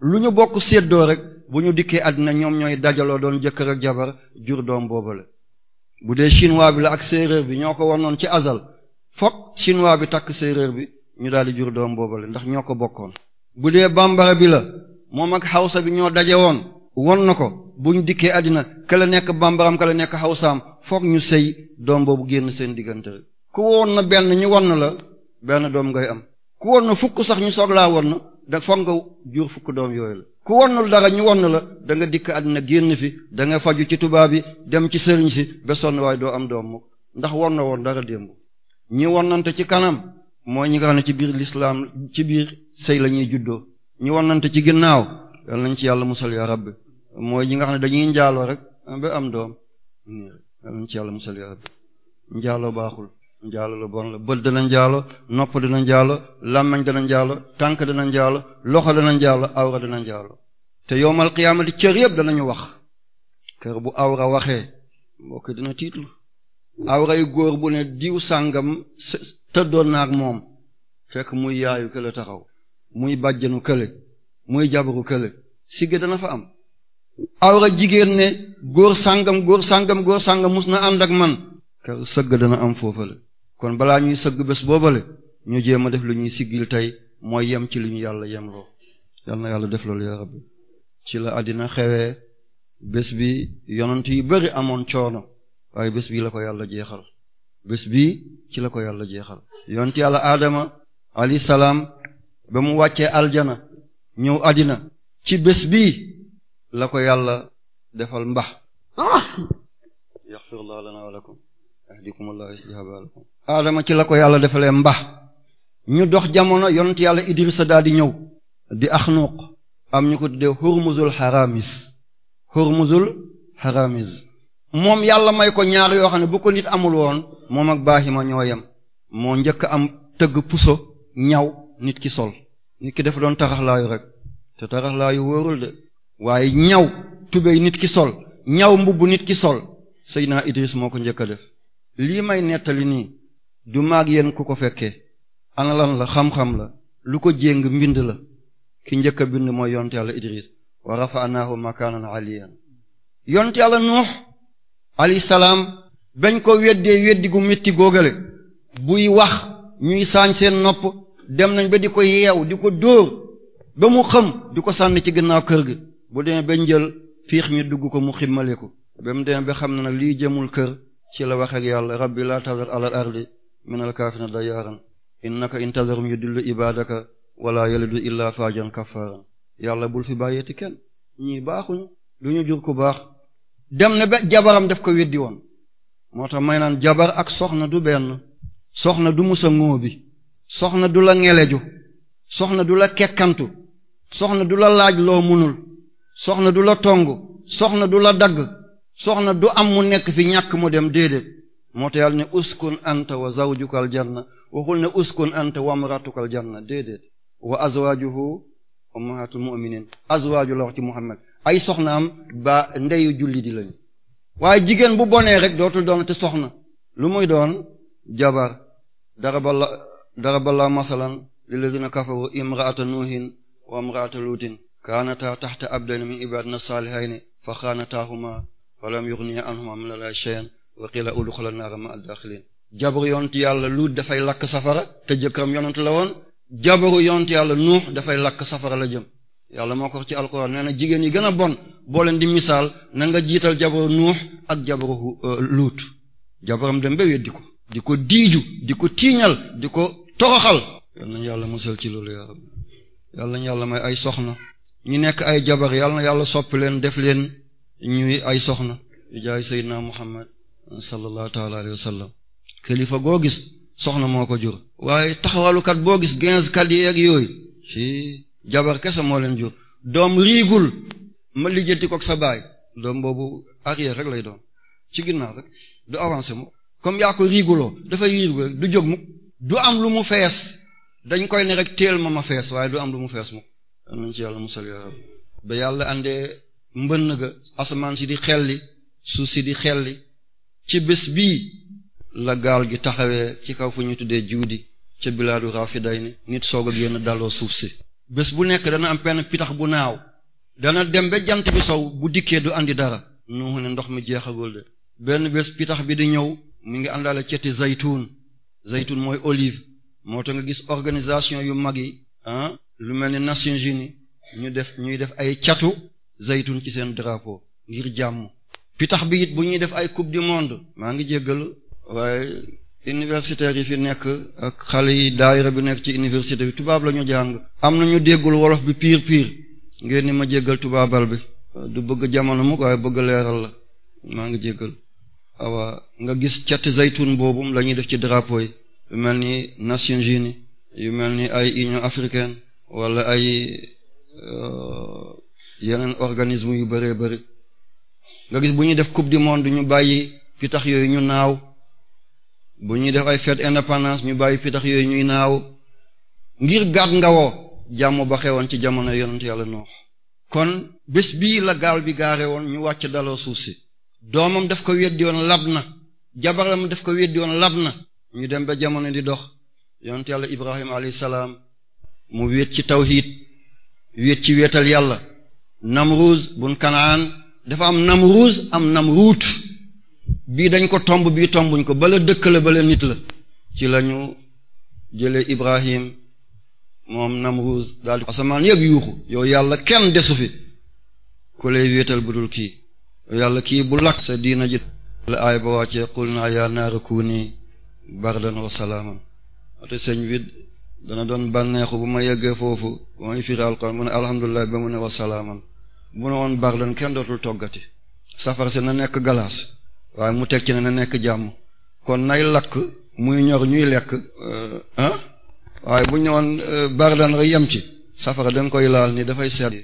lu ñu bokk séddoo rek bu ñu dikkee àddina ñoom ñooy dajaloo doon jëkkër ak jabar jur doom boobale bu dee chinois bi la ak séeréer bi ñoo ko wonnoon ci azal fokk chinois bi takk séeréer bi ñu daal di jur doom boobale ndax ñoo ko bokkoon bu dee bambara bi la moom ak xawsa bi ñoo daje woon won na ko buñ dikkee àddina kala nekk bambaram kala nekk xawsaam foog ñu sëy doom boobu génn seen diggante rek ku woon na benn ñu won na la benn doom ngay am ku won na fukk sax ñu soog laa won na da foog nga jur fukk doom yooyu la ku wonnul dara ñu won la da nga dikk àddina génn fi da nga faju ci tubaab yi dem ci sëriñ si ba sonn waaye doo am doom ndax won na woon dara démb ñi wonnante ci kanam mooy ñi nga xam ne ci biir lislaam ci biir sëy la ñuy juddoo ñu wonante ci ginnaaw yal nañ ci yàlla musal ya rabbi mooy ñi nga xam ne dañuy njaaloo rek ba am doom yal nañ ci yàlla musal ya njaaloo baaxul njaalo lu bon la bët dana njaalo nopp dana njaalo làmmañ dana njaalo tànk dana njaalo loxo dana njaalo awra dana njaalo te yowmal qiyaamati cër yëpp danañu wax kër bu awra waxee mbokk dina tiitlu awra góor bu ne diw sàngam tëddoon naag moom fekk muy yaayu kële taxaw muy bàjjanu kële muy jabaru kële sigge dana fa am awra jigéen ne góor sàngam góor sàngam góor sàngam mus na ànd ak man kar sëgg dana am foofale kon balaa ñuy sëgg bés boobale ñu jéem a def lu ñuy siggil tey mooy yem ci lu ñu yàlla yem loo na yàlla def loolu yaa rabbi ci la àddina xewee bés bi yonent yu bari amoon coono waaye bés bi la ko yàlla jeexal bés bii ci la ko yàlla jeexal yonent yàlla aadama alayhi salaam ba mu wàccee aljana ñëw àddina ci bés bii la ko yàlla defal mbax ah! yaxfirullah lana wa lakum ahdikum allah isliha baalakum aadama ci la ko yàlla defalee mbax ñu dox jamono yonent yàlla idrisa daal di ñëw di axnuq am ñu ko tuddee hurmuzul haramis hurmuzul haramis moom yàlla may ko ñaar yoo xam ne bu ko nit amul woon moom ak ma ñoo yem moo njëkk am tëgg puso ñaw nit ki sol nit ki def doon taraxlaayu rek te taraxlaayu wóorul de waaye ñaw tubéy nit ki sol ñaw mbubb nit ki sol Seydina Idris moo ko njëkk a def lii may nettali nii du maag yéen ku ko fekkee ana lan la xam-xam la lu ko jéng mbind la ki njëkk bind mooy yonte yàlla Idris wa rafa'nahu makanan aliyan yonte yàlla Nuux alayhi salaam bañ ko weddee weddi gu métti góogale buy wax ñuy saañ seen nopp dem nañ ba di ko yeew di ko dóor ba mu xam di ko sànni ci ginnaaw kër gi bu demee ba njël fiix mi dugg ko mu ximmale ko ba mu xam ne nag lii jëmul kër ci la wax ak yàlla rabbi laa tazar alal ardi min al kaafirina dayyaaran innaka intazarum yudillu ibadaka wala yalidu illaa faajan kaffaaran yàlla bul fi bàyyeeti kenn ñii baaxuñu du ñu jur ku baax dem na ba jabaram daf ko weddi woon moo tax may naan jabar ak soxna du benn soxna du musa ngóo bi soxna du la ngeleju soxna du la kekkantu soxna du la laaj loo munul soxna du la tong soxna du la dagg soxna du am mu nekk fi ñàkk mu dem déedéet moo tax yàlla ne uskun anta wa zawjuka al janna waxul ne uskun anta wa amratuka al janna déedéet wa azwajuhu ummahatul muhammad ay soxnaam ba ndeyu julli di lañu waaye jigéen bu bonee rek dootul doon te soxna lu muy doon jabar daraballa daraballa masalan lillazina kafaru imraata nuuhin wa imraata luutin kaanata taxta abdayn min ibadina saalihayni fa xaanataahuma fa lam yughniya anhuma min allahi shay'an wa qila udxula naara ma addaxilin jabaru yonent yàlla luut dafay lakk safara te jëkkëram yonent la woon jabaru yonent yàlla nuux dafay lakk safara la jëm yàlla moo ko wax ci alquran nee jigéen yi gën a bon boo leen di misaal na nga jiital jabaru nuux ak jabaru euh, luut jabaram dem ba weddi ko di ko diiju di ko tiiñal di ko toroxal yal nañu yàlla musal ci loolu yaa rabbi yal yàlla may ay soxna ñu nekk ay jabar yal na yàlla sopp leen def leen ñuy ay soxna di jaay seydina muhammad sallallahu taala alayhi wa sallam kilifa goo gis soxna moo ko jur waaye taxawalukat boo gis ginz kat yooyu jabar kese moo leen jur doom riigul ma lijjanti kook sa baay doom boobu arrière rek lay doon ci ginnaaw rek du avancé mu comme yaa ko riiguloo dafay riigu du jóg mu du am lu mu fees dañ koy ne rek teel ma ma fees waaye du am lu mu fees mu nañ ci yàlla musal yaa ba yàlla àndee mbënn ga asamaan si di xelli suuf si di xelli ci bés bi la gaal gi taxawee ci kaw fu ñu tuddee juudi ca bilaadu rafiday ni nit soog a génn daloo suuf si bés bu nekk dana am benn pitax bu naaw dana dem ba jant bi sow bu dikkee du andi dara nuuxu ne ndox mi jeexagul de benn bés pitax bi di ñëw mu ngi àndaale ceti zaytuun zaytuun mooy olive moo tax nga gis organisation yu mag yi ah lu mel ni Nations Unies ñu def ñuy def ay catu zaytuun ci seen drapeau ngir jàmm pitax bi it bu ñuy def ay coupe du monde maa ngi jéggalu waaye universitaires yi fi nekk ak xale yi daayira bi nekk ci université bi tubaab la ñu jàng am na ñu déggul wolof bi piir piir ngeen ni ma jéggal tubaabal bi du bëgg jamono mukk waaye bëgg leeral la maa ngi jéggal awa nga gis cati zaytun boobum la ñuy def ci drapeau yi mel ni Nations Unies yu mel ni ay Union africain wala ay euh, yeneen organisme yu bëree bëri nga gis bu ñuy def coupe du monde ñu bàyyi fi yooyu ñu naaw bu ñuy def ay fête indépendance ñu bàyyi pitax yooyu ñuy naaw ngir gaat ngawoo jàmm ba xewoon ci jamono yonent yàlla noox kon bés bii la gaal bi gaare woon ñu wàcc daloo suuf si doomam daf ko weddi woon lab na jabaram daf ko weddi woon lab na ñu dem ba jamono di dox yonent yàlla ibrahim alayhi salaam mu wéet ci tawhid wéet ci wéetal yàlla namruuz bun kanaan dafa am namruuz am namruut bii dañ ko tomb bii tombuñ ko bala dëkk la bala nit la ci lañu jëlee Ibrahim moom Namruz daal di asamaan yëg yuuxu yow yàlla kenn desu fi ku lay wéetal bu dul kii yàlla kii bu lakk sa diina ji la aay ba wàccee qul naa dana doon bànneexu bu ma yeggee foofu bu may firi alxuraan mu ne ba mu ne wa bu ne woon bardan kenn dootul toggati safara si na nekk galaas waaye mu teg ci na nekk jàmm kon nay lakk muy ñor ñuy lekk ah waaye bu ñëwoon euh, bardan rek yem ci safara da koy laal ni dafay sedd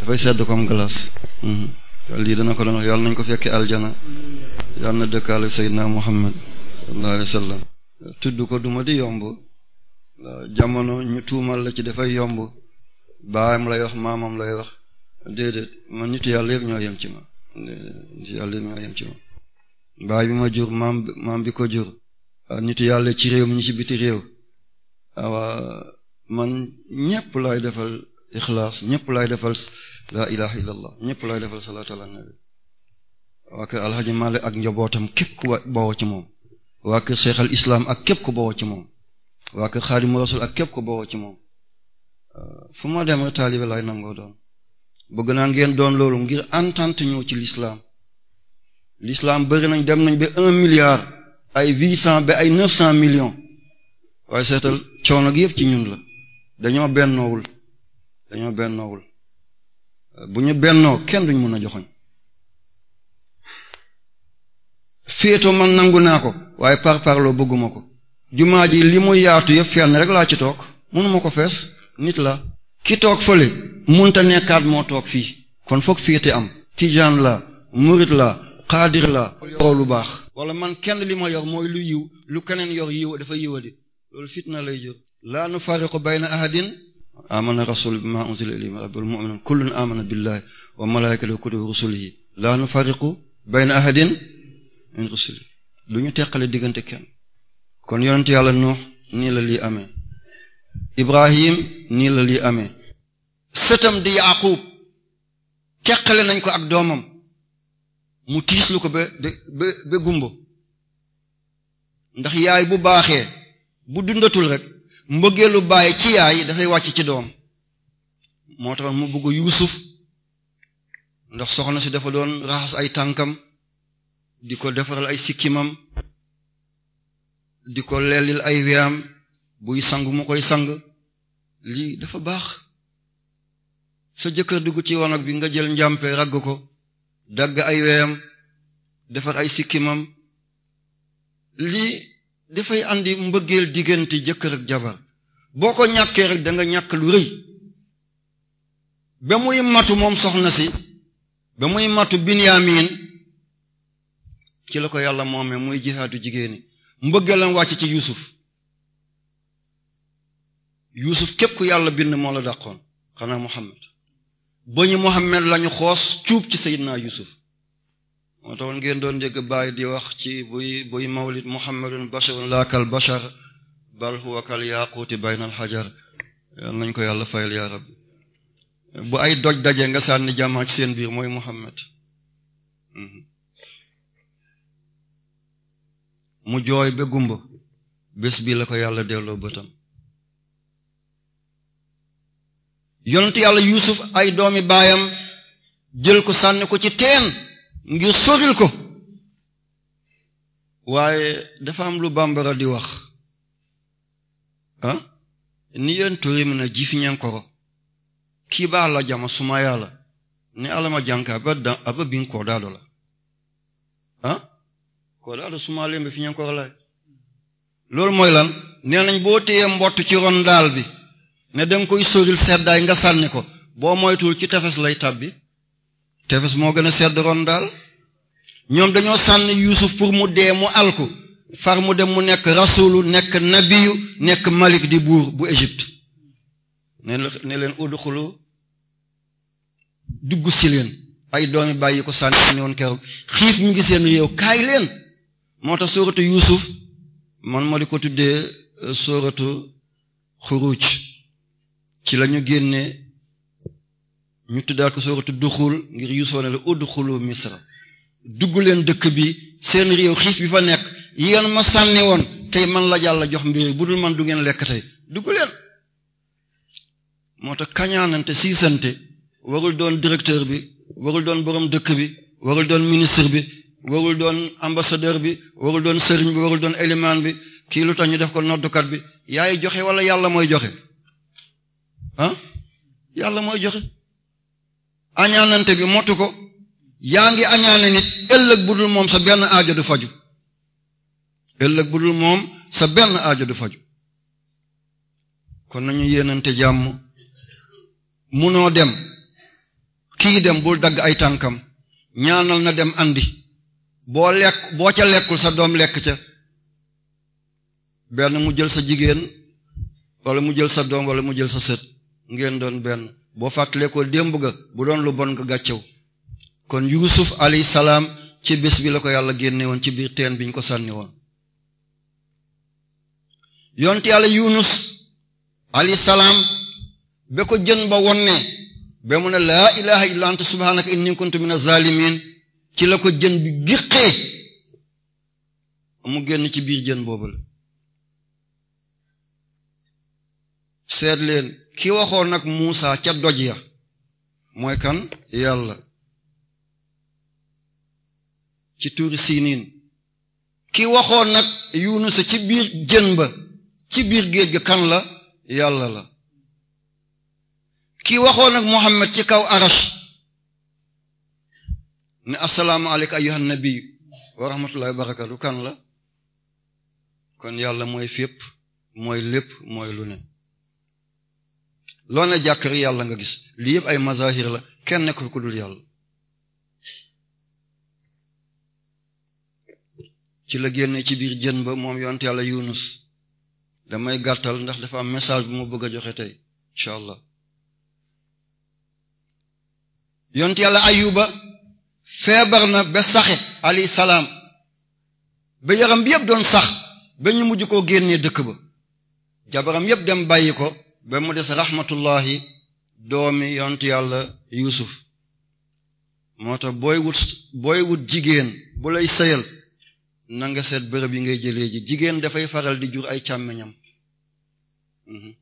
dafay sedd comme glace hmm. lii dana ko doon wax yàlla nañ ko fekkee aljana yàlla na dëkkaale Seydina Muhammad sallallahu alayhi wa sallam tudd ko duma di yomb jamono ñu tuumal la ci dafay yomb baayam lay wax maamam lay wax déedéet man nit yàlla yëpp ñoo yem ci ma nit yàlla yëpp ñoo yem ci ma baay bi ma jur maam maam bi ko jur nit yàlla ci réew mi ñu ci biti réew awa man ñëpp laay defal ixlaas ñëpp laay defal la ilaha illallah ñëpp laay defal salaatu ala nabi waa kër alhaji Malik ak njabootam képp ku bawoo ci moom waa kër cheikh al islam ak képp ku bawoo ci moom waa kër xaadimu rasul ak képp ku bawoo ci moom fu ma dem rek taalibe laay nangoo doon bëgg naa ngeen doon loolu ngir entente ñëw ci l'islam lislaam bëri nañ dem nañ ba un milliard ay huit cent ba ay neuf cent millions waaye seetal coono gi yëpp ci ñun la dañoo bennoowul dañoo bennoowul bu ñu bennoo kenn duñ mën a joxoñ féeto man nangu naa ko waaye par parloo bëgguma ko jumaa ji li mu yaatu yëpp fenn rek laa ci toog mënuma ko fees nit la ki toog fële munta nekkaat moo toog fii kon foog féete am tijaan la murit la xaadir la yoroo lu baax wala man kenn li ma yor mooy lu yiw lu keneen yor yiw dafa yiwadi loolu fitna lay jur laa nufariqu bayna ahadin amana rasul bima unzila ilayhi min rabbil mu'minin kullun amana billahi wa malaikatihi wa kutubihi wa rusulihi laa nufariqu bayna ahadin min rusulihi lu ñu teqale diggante kenn kon yonent yàlla nuux nii la lii amee ibrahim ni la lii amee sëtam di yaqub teqale nañ ko ak doomam mu tiislu ko ba ba ba gumbo ndax yaay bu baaxee bu dundatul rek mbëggeelu baay ci yaay dafay wàcc ci doom moo tax mu bëgg yuusuf ndax soxna si dafa doon raxas ay tànkam di ko defaral ay sikkimam di ko lellil ay weyam buy sang mu koy sang lii dafa baax sa jëkkër dugg ci wanag bi nga jël njàmpe ragg ko dagg ay weyam defar ay sikkimam lii dafay andi mbëggeel diggante jëkkër ak jabar boo ko ñàkkee rek da ñàkk lu rëy ba muy matu moom soxna si ba muy matu binyamin ci la ko yàlla moomee muy jihaatu jigéen ñi mbëggeelam wàcc ci yusuf yusuf képp ku yàlla bind moo la dàqoon xanaa muhammad bañu Muhammad lañu xoos cuub ci Seydina Yusuf moo taxoon ngeen doon dégg bàyyi di wax ci buy buy mawlid Muhammadun basharun laa kal bashar bal huwa kal yaquuti bayna al hajar yal nañ ko yàlla fayal yaa rabbi bu ay doj dajee nga sànni jamaa ci seen biir mooy Muhammad mhm. mu jooy ba gumba bés bii la ko yàlla delloo bëtam yonentu yàlla yuusuf ay doomi baayam jël ko sànni ko ci teen ngir soril ko waaye dafa am lu bambara di wax ah ni yéen turim na jifiñankoro kiibaa la jama suma yàlla ni alama janka aba da aba bin kodaado la ah kodaado suma lembe fiñankoro lay loolu mooy lan nee nañ boo téyee mbott ci ron daal bi ne danga koy sóoril seddaay nga sànni ko boo moytuwul ci tefes lay tàbbi tefes moo gën a sedd ron daal ñoom dañoo sànni yuusuf pour mu dee mu alku far mu dem mu nekk rasulu nekk nabiyu nekk malik di buur bu Égypte ne leen udxulu dugg si leen ay doomi bàyyi ko sànni ne woon keroog xiif mi ngi seen réew kaay leen moo tax sóoratu yuusuf man ma di ko tuddee sóoratu xuruuj ci la ñu génnee ñu tuddaat ko sooratu duxul ngir yusoo ne la udxulu misra dugg leen dëkk bi seen réew xiif bi fa nekk yéen ma sànni woon tey man la jàll jox mbir bu dul man du ngeen lekk tey dugg leen moo tax kañaanante siisante warul doon directeur bi warul doon borom dëkk bi warul doon ministre bi warul doon ambassadeur bi warul doon sëriñ bi warul doon élimaan bi kii lu tax ñu def ko noddukat bi yaay joxe wala yàlla mooy joxe ah yàlla mooy joxe añaanante bi motu ko yaa ngi añaane nit ëllëg moom sa benn ajo du faju ëllëg bu dul moom sa benn aajo du faju kon nañu yéenante jàmm munoo dem kii dem bul dagg ay tànkam ñaanal na dem andi boo lekk boo ca lekkul sa doom lekk ca benn mu jël sa jigéen wala mu jël sa doom wala mu jël sa sët ngeen doon benn boo fàttalee ko démb ga bu doon lu bon nga gàccew kon yuusuf alayhi salaam ci bés bi la ko yàlla génnewoon ci biir teen biñ ko sànni woon yonte yàlla yunus alayhi salaam ba ko jën ba wonne ba mu ne laa ilaha illa anta subhanaka inni kuntu min ci la ko jën bi giqee mu génn ci biir jën boobul seet leen ki waxoon nag Muusa ca doj ya mooy kan yàlla ci tuuri siniin ki waxoon nag Yunus ci biir jën ba ci biir géej ga kan la yàlla la ki waxoon nag Muhammad ci kaw arash ne assalaamu aleyka ayyuhan nabiyu wa rahmatullahi wa barakatu kan la kon yàlla mooy fépp mooy lépp mooy lu ne loo ne jàkk yàlla nga gis lii yëpp ay mazahir la kenn nekk fi ku dul yàlla ci la génne ci biir jën ba moom yonte yàlla yunus damay gàttal ndax dafa am message bu ma bëgg a joxe tey incha allah yonte yàlla ayuba feebar na ba saxe alayhi salaam ba yaram bi yëpp doon sax ba ñu mujj koo génnee dëkk ba jabaram yépp dem bàyyi ko ba mu des rahmatullahi doomi yontu yàlla yusuf moo tax booy wut jigéen bu lay sëyal na seet bërëb yi ngay jëlee ji jigéen dafay faral di jur ay càmmiñam mhm.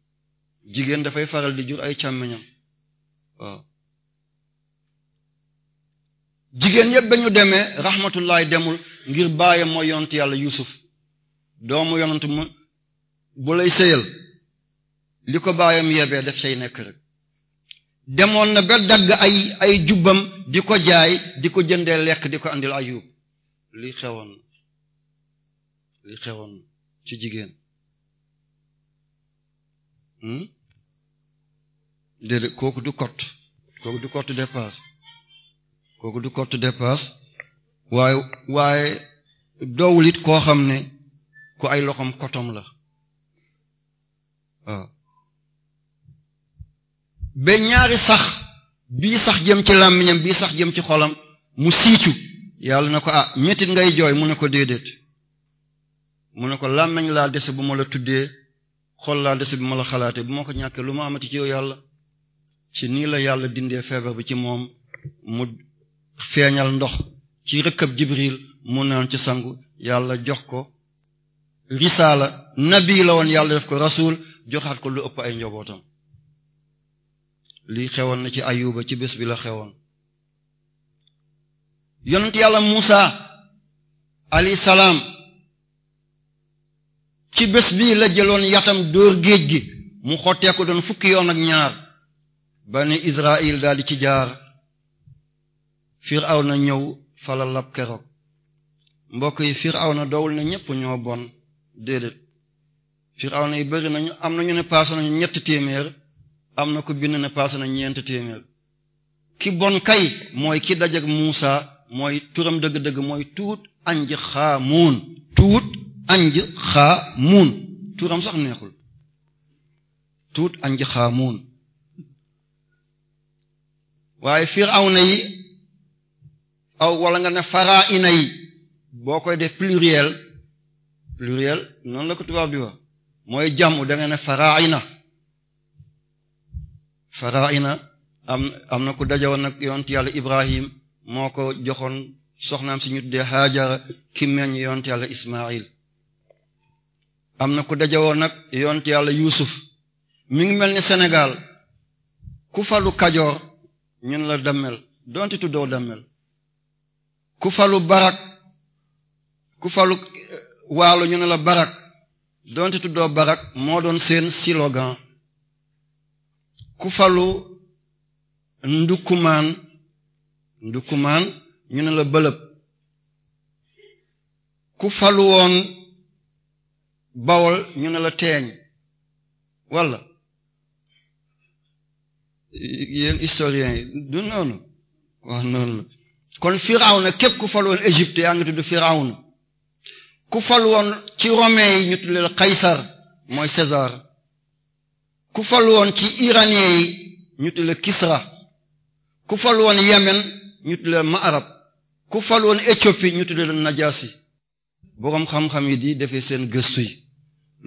jigéen dafay faral di jur ay càmmiñam waaw jigéen yëpp ba ñu demee rahmatullahi demul ngir bàyyam moo yontu yàlla yusuf doomu yonent mu bu lay sëyal li ko baayam yebee daf say nekk rek demoon na ba dagg ay ay jubbam di ko jaay di ko jëndee lekk di ko andil ayub li xewoon li xewoon ci jigéen hmm? déedéet kooku du cotte kooku du cotte dépasse kooku du cotte dépasse waaye waaye doowul koo xam ne ku ay loxom kotom la waaw ba ñaari sax bii sax jëm ci làmmiñam bi sax jëm ci xolam mu siicu yàlla na ko ah mettit ngay jooy mu ne ko déedéet mu ne ko làmmiñ laa dese bu ma la tuddee xol laa dese bu ma la xalaatee bu ma ko ñàkkee lu ma am ci yow yàlla ci nii la yàlla dindee feebar bi ci moom mu feeñal ndox ci rëkkab jibril mu naan ci sangu yàlla jox ko risaala nabi la woon yàlla def ko rasul joxaat ko lu ëpp ay njobootam lii xewoon na ci ayuba ci bés bi la xewoon yonent yàlla Musa alayhi salaam ci bés bii la jëloon yatam dóor géej gi mu xotteeku doon fukki yoon ak ñaar bani Israil daal di ci jaar Fir'aw na ñëw fala lab keroog mbokk yi Fir'aw na dowul na ñëpp ñoo bon déedéet Fir'aw na yi bëri nañu am na ñu ne paase nañu ñetti téeméer am na ko bind ne paase na ñeent téeméer ki bon kay mooy ki dajeg Muusa mooy turam dëgg-dëgg mooy tuut anj xaamuun tuut anj turam sax neexul tuut anj xaamuun waaye firawna yi aw wala nga ne faraa'ina yi boo koy def pluriel pluriel noonu la ko tubaab bi wax mooy jàmm da nga ne faraa'ina faraina am am na ku dajawoon nag yonent yàlla ibrahim moo ko joxoon soxnaam si ñu tuddee hajara ki meññ yonent yàlla ismail am na ku dajawoon nag yonent yàlla yusuf mi ngi mel ni senegal ku falu kajoor ñun la dammel donte tuddoo dammel ku falu barak ku falu eh, waalo ñu ne la barak donte tuddoo barak moo doon seen slogan ku falu ndukkumaan ndukkumaan ñu ne la bëlëb ku falu woon bawol ñu ne la teeñ walla yéen historien yi du noonu waaw noonu kon firawna képp ku fal woon Égypte yaa ngi tudd firawna ku fal woon ci romain yi ñu tudd la mooy César ku fal woon ci iranien yi ñu tudd la Kisra ku fal woon Yemen ñu tudd la Maarab ku fal woon Éthiopie ñu tudd la Najasi boroom xam-xam yi di defee seen gëstu yi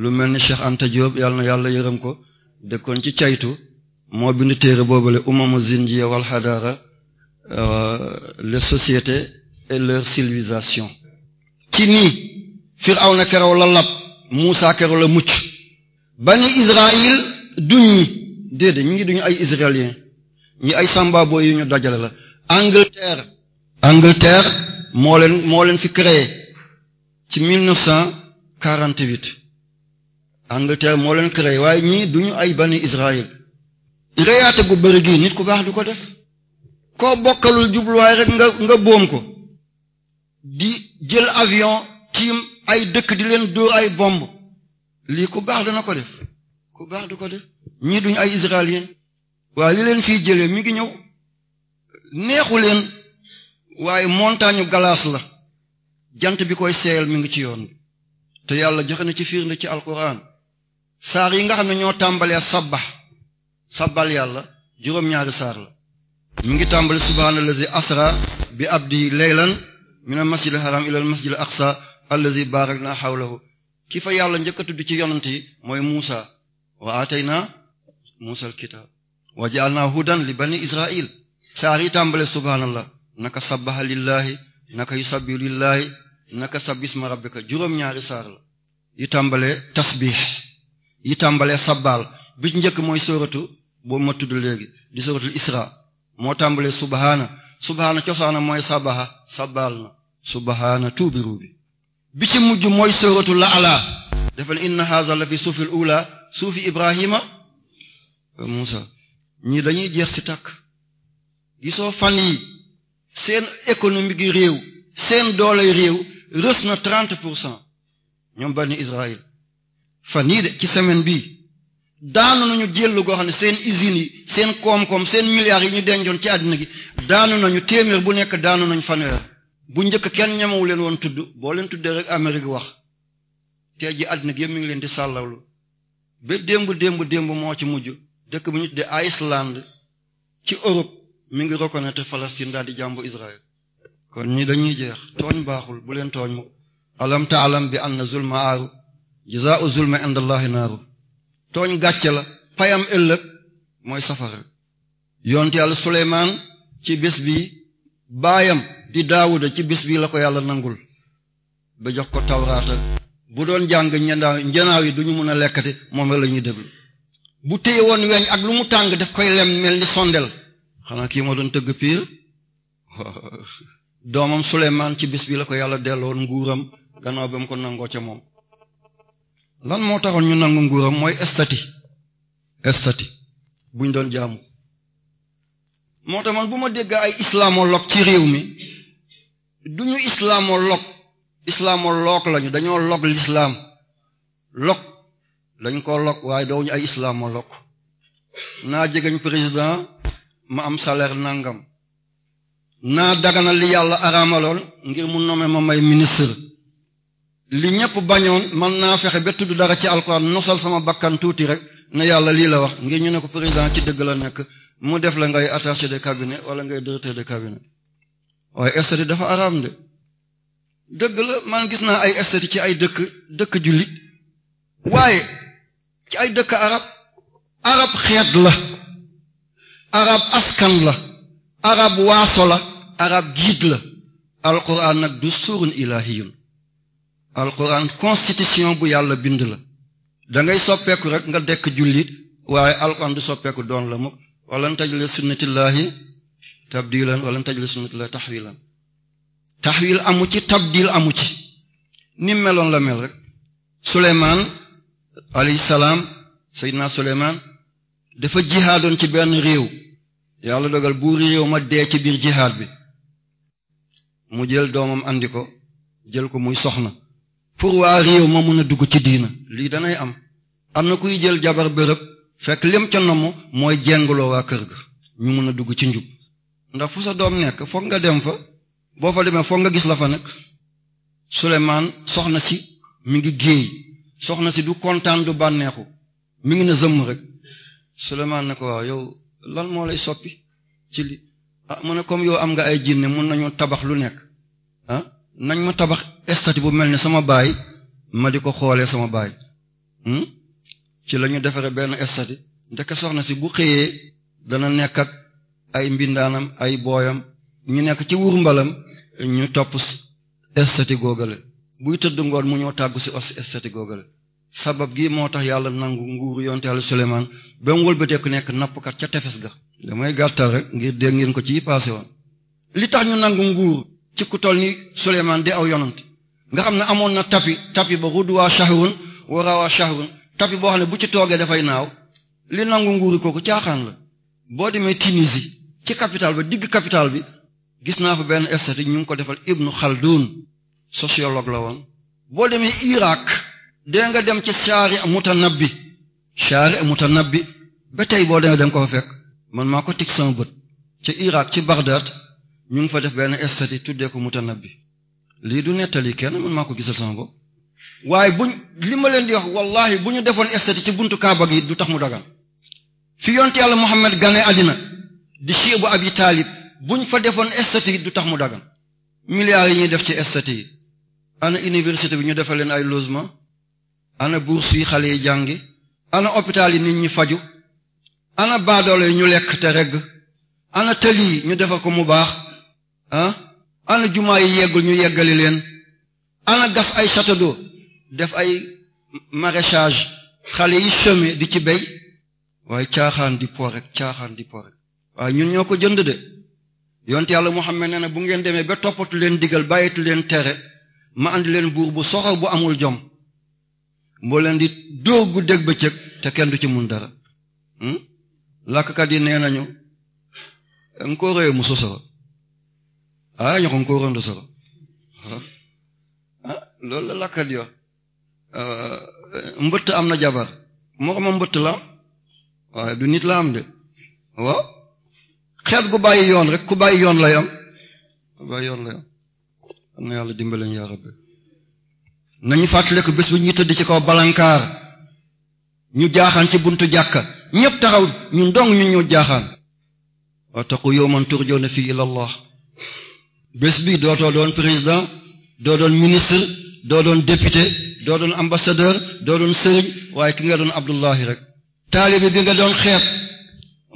lu mel ni Cheikh Anta Diop yàlla na yàlla yërëm ko de kon ci caytu moo bind téere boobale umamu zinjiya wal hadara euh, les sociétés et leur civilisation ci nii Firawna keroog la lab Muusa keroog mucc bani Israël duñ ñi déedéet ñii duñu ay israélien ñi ay sambabo yu ñu dajale la Angleterre Angleterre moo leen fi créé ci mille neuf cent quarante-huit moo leen créé waaye ñii duñu ay bani Israël reyaate gu bëri gii nit ku baax du ko def koo bokkalul jubluwaay rek nga nga boom ko di jël avion tiim ay dëkk di leen dóor ay bomb lii ku baax dana ko def ku baax du ko def ñii duñu ay israélien waaye li leen fii jëlee mi ngi ñëw neexu leen waaye montagne galaas la jant bi koy seeyal mi ngi ci yoon bi te yàlla joxe na ci fiir firnde ci alquran saar yi nga xam ne ñoo tàmbalee sabba sabbal yàlla juróom-ñaari saar la mu ngi tàmbale subhaana allazi asra bi abdi leylan min al masjid al haram ila al masjid al aqsa naa barakna hawlahu ki fa yàlla njëkk a tudd ci yonent yi mooy Muusa wa atayna musa alkitaab wa jaalna hudan li bani israil saar yi tàmbale subhaanallah naka sabbaha lillahi naka yusabbihu lillahi naka sabbisma rabbika juróom-ñaari saar la yi tàmbale tasbih yi tàmbale sabbaal bi ci njëkk mooy sóoratu boobu ma tudd léegi di sóoratul isra moo tàmbale subhaana subhaana cosaana mooy sabaha sabbaal na subhaana tuubiru bi ci mujj mooy sóoratu la ala dafa inna haza la fi sufil ula suufi Ibrahima euh, Moussa ñi dañuy jeex ci tàkk gisoo fan yi seen économie gi réew seen doole réew rës na trente pour cent ñoom bani Israël fan yii de ci semaine bii daanu nañu jëllu goo xam ne seen usines yi seen koom-koom seen milliards yi ñu dencoon ci àddina gi daanu nañu téeméer bu nekk daanu nañu fanweer bu njëkk kenn ñemewu leen woon tudd boo leen tuddee rek wax tey ji àddina gi yëpp mi ngi leen di sàllawlu ba démb démb démb moo ci mujj dëkk bu ñu tuddee Iceland ci Europe mi ngi reconnaître Palestine di jàmb Israël kon ñi dañuy jeex tooñ baaxul bu leen tooñ mu alam taalam bi anna zulma aaru jazaa'u zulma indallahi naaru tooñ gàcce la payam ëllëg mooy safara yonte yàlla Suleymaan ci bés bi baayam di Daawuda ci bés bi la ko yàlla nangul ba jox ko Tawraata bu doon jàng ñanaaw njanaaw yi du ñu mën a lekkati moom la ñuy déglu bu téye woon weñ ak lu mu tàng daf koy lem mel ni sondel xanaa kii moo doon tëgg piir doomam Souleymane ci bis bi la ko yàlla delloon nguuram gannaaw ba mu ko nangoo ca moom lan moo taxoon ñu nangu nguuram mooy estati estati buñ doon jaamu moo tax man bu ma dégg ay islamologue ci réew mi duñu islamologue look lañu dañoo log lislaam log dañ ko log waaye ñu ay islaamoloog naa jegeñ président ma am salaire nangam naa dagana li yàlla araamaloon ngir mu nommé ma may ministre li ñëpp bañoon man naa fexe ba tudd dara ci alxuraan nosal sama bakkan tuuti rek na yàlla lii la wax ngir ñu ne ko président ci dëgg la nekk mu def la ngay attaché de cabinet wala ngay directeur de cabinet waaye est dafa araam de dëgg la man gis naa ay esthétique ci ay dëkk dëkk jullit waaye ci ay dëkk arab arab xeet la arab askan la arab waaso la arab giid la alquran nag du suurun ilahiyun alquran constitution bu yàlla bind la da ngay soppeeku rek nga dekk jullit waaye alquran du soppeeku doon la mukk walan tajle sunnatillahi tabdilan walan tajle sunnatillahi tahwilan taxwil amu ci tabdil amu ci ni meloon la mel rek suleymaan alayhi salaam seydina suleymaan dafa jihaadoon ci benn réew yàlla dogal buuri réew ma dee ci biir jihaad bi mu jël doomam andi ko jël ko muy soxna pour waa réew ma mën a dugg ci diina lii danay am am na kuy jël jabar bërëb fekk lim ca nomm mooy jengloo waa kër ga ñu mën a dugg ci njub ndax fu sa doom nekk foog nga dem fa boo fa demee foog nga gis la fa nag Souleymane soxna si mi ngi géey soxna si du kontaan du bànneexu mi ngi ne zëmm rek Souleymane ne ko waaw yow lan moo lay soppi ci li ah mu ne comme yow am nga ay jinne mun nañu tabax lu nekk ah nañ ma tabax statue bu mel ni sama baay ma di ko xoolee sama baay hmm? ci la ñu defaree benn statue ndeke soxna si bu xëyee dana nekk ak ay mbindaanam ay booyam ñu nekk ci wur mbalam ñu topp estati googale buy tëdd ngoon mu ñëw tàggu si os estati googale sabab gi moo tax yàlla nangu nguuru yonte yàlla Suleymaan ba mu wëlbateeku nekk nappkat ca tefes ga damay gàttal rek ngir dégg ngeen ko ci passé woon li tax ñu nangu nguur ci ku toll ni Suleymaan di aw yonante nga xam ne amoon na tapi tapi ba rudd waa shahrun wara waa shahrun tapi boo xam ne bu ci toogee dafay naaw li nangu nguuru kooku caaxaan la boo demee Tunisie ci capital ba digg bi gis naa fa benn esthétique ñu ngi ko defal Ibnu Khaldun sociologue la woon boo demee Irak dee nga dem ci Shari Mutanabbi Shari Mutanabbi ba tey boo dee da nga ko fa fekk man maa ko tig sama bët ci Irak ci Baghdad ñu ngi fa def benn esthétique tuddee ko Mutanabbi lii du nettali kenn man maa ko gisal sama bopp waaye buñ li ma leen di wax wallahi bu ñu defoon esthétique ci buntu Kaaba gi du tax mu dagan fi yonte yàlla Muhammad àddina di Shiibu Abi bu buñ fa defoon esthétique du tax mu dagan milliards yi ñuy def ci esthétique yi ana université bi ñu defal leen ay logement ana bourse yi xale yi jàngi ana hôpital yi nit ñi faju ana baadoolo yi ñu lekk te regg ana tëli yi ñu defal ko mu baax ah ana jumaa yi yeggul ñu yeggale leen ana gas ay château def ay maraîchage xale yi semé di ci béy waaye caaxaan di po rek caaxaan di po rek waaye ñun ñoo ko jënd de yonte yàlla Muhammad nee na bu ngeen demee ba toppatu leen digal bayitu leen tere ma andi leen buur bu soxor bu amul jom moo leen di dóor guddeeg bëccëg te kenn du ci mun dara hmm? làkkat yi nee nañu nkooree mu sosoro ah ñoo ko nkooroon du soro ah, ah loolu la ah, mbëtt am na jabar moo xam mbëtt la waaye du nit la am de waaw xeet gu bàyyi yoon rek ku bàyyi yoon lay am ku bàyyi yoon lay am am na yàlla dimbaleen yaa rabbi nañu fàttaliku bés bu ñuy tëdd ci kaw balankaar ñu jaaxaan ci buntu jàkka ñépp taxaw ñu ndong ñu ñu jaaxaan wattaqu yawman turjawna fii ila bés bi dootoo doon président doo doon ministre doo doon député doo doon ambassadeur doo doon sëriñ waaye ki nga doon abdullahi rek taalibe bi nga doon xeet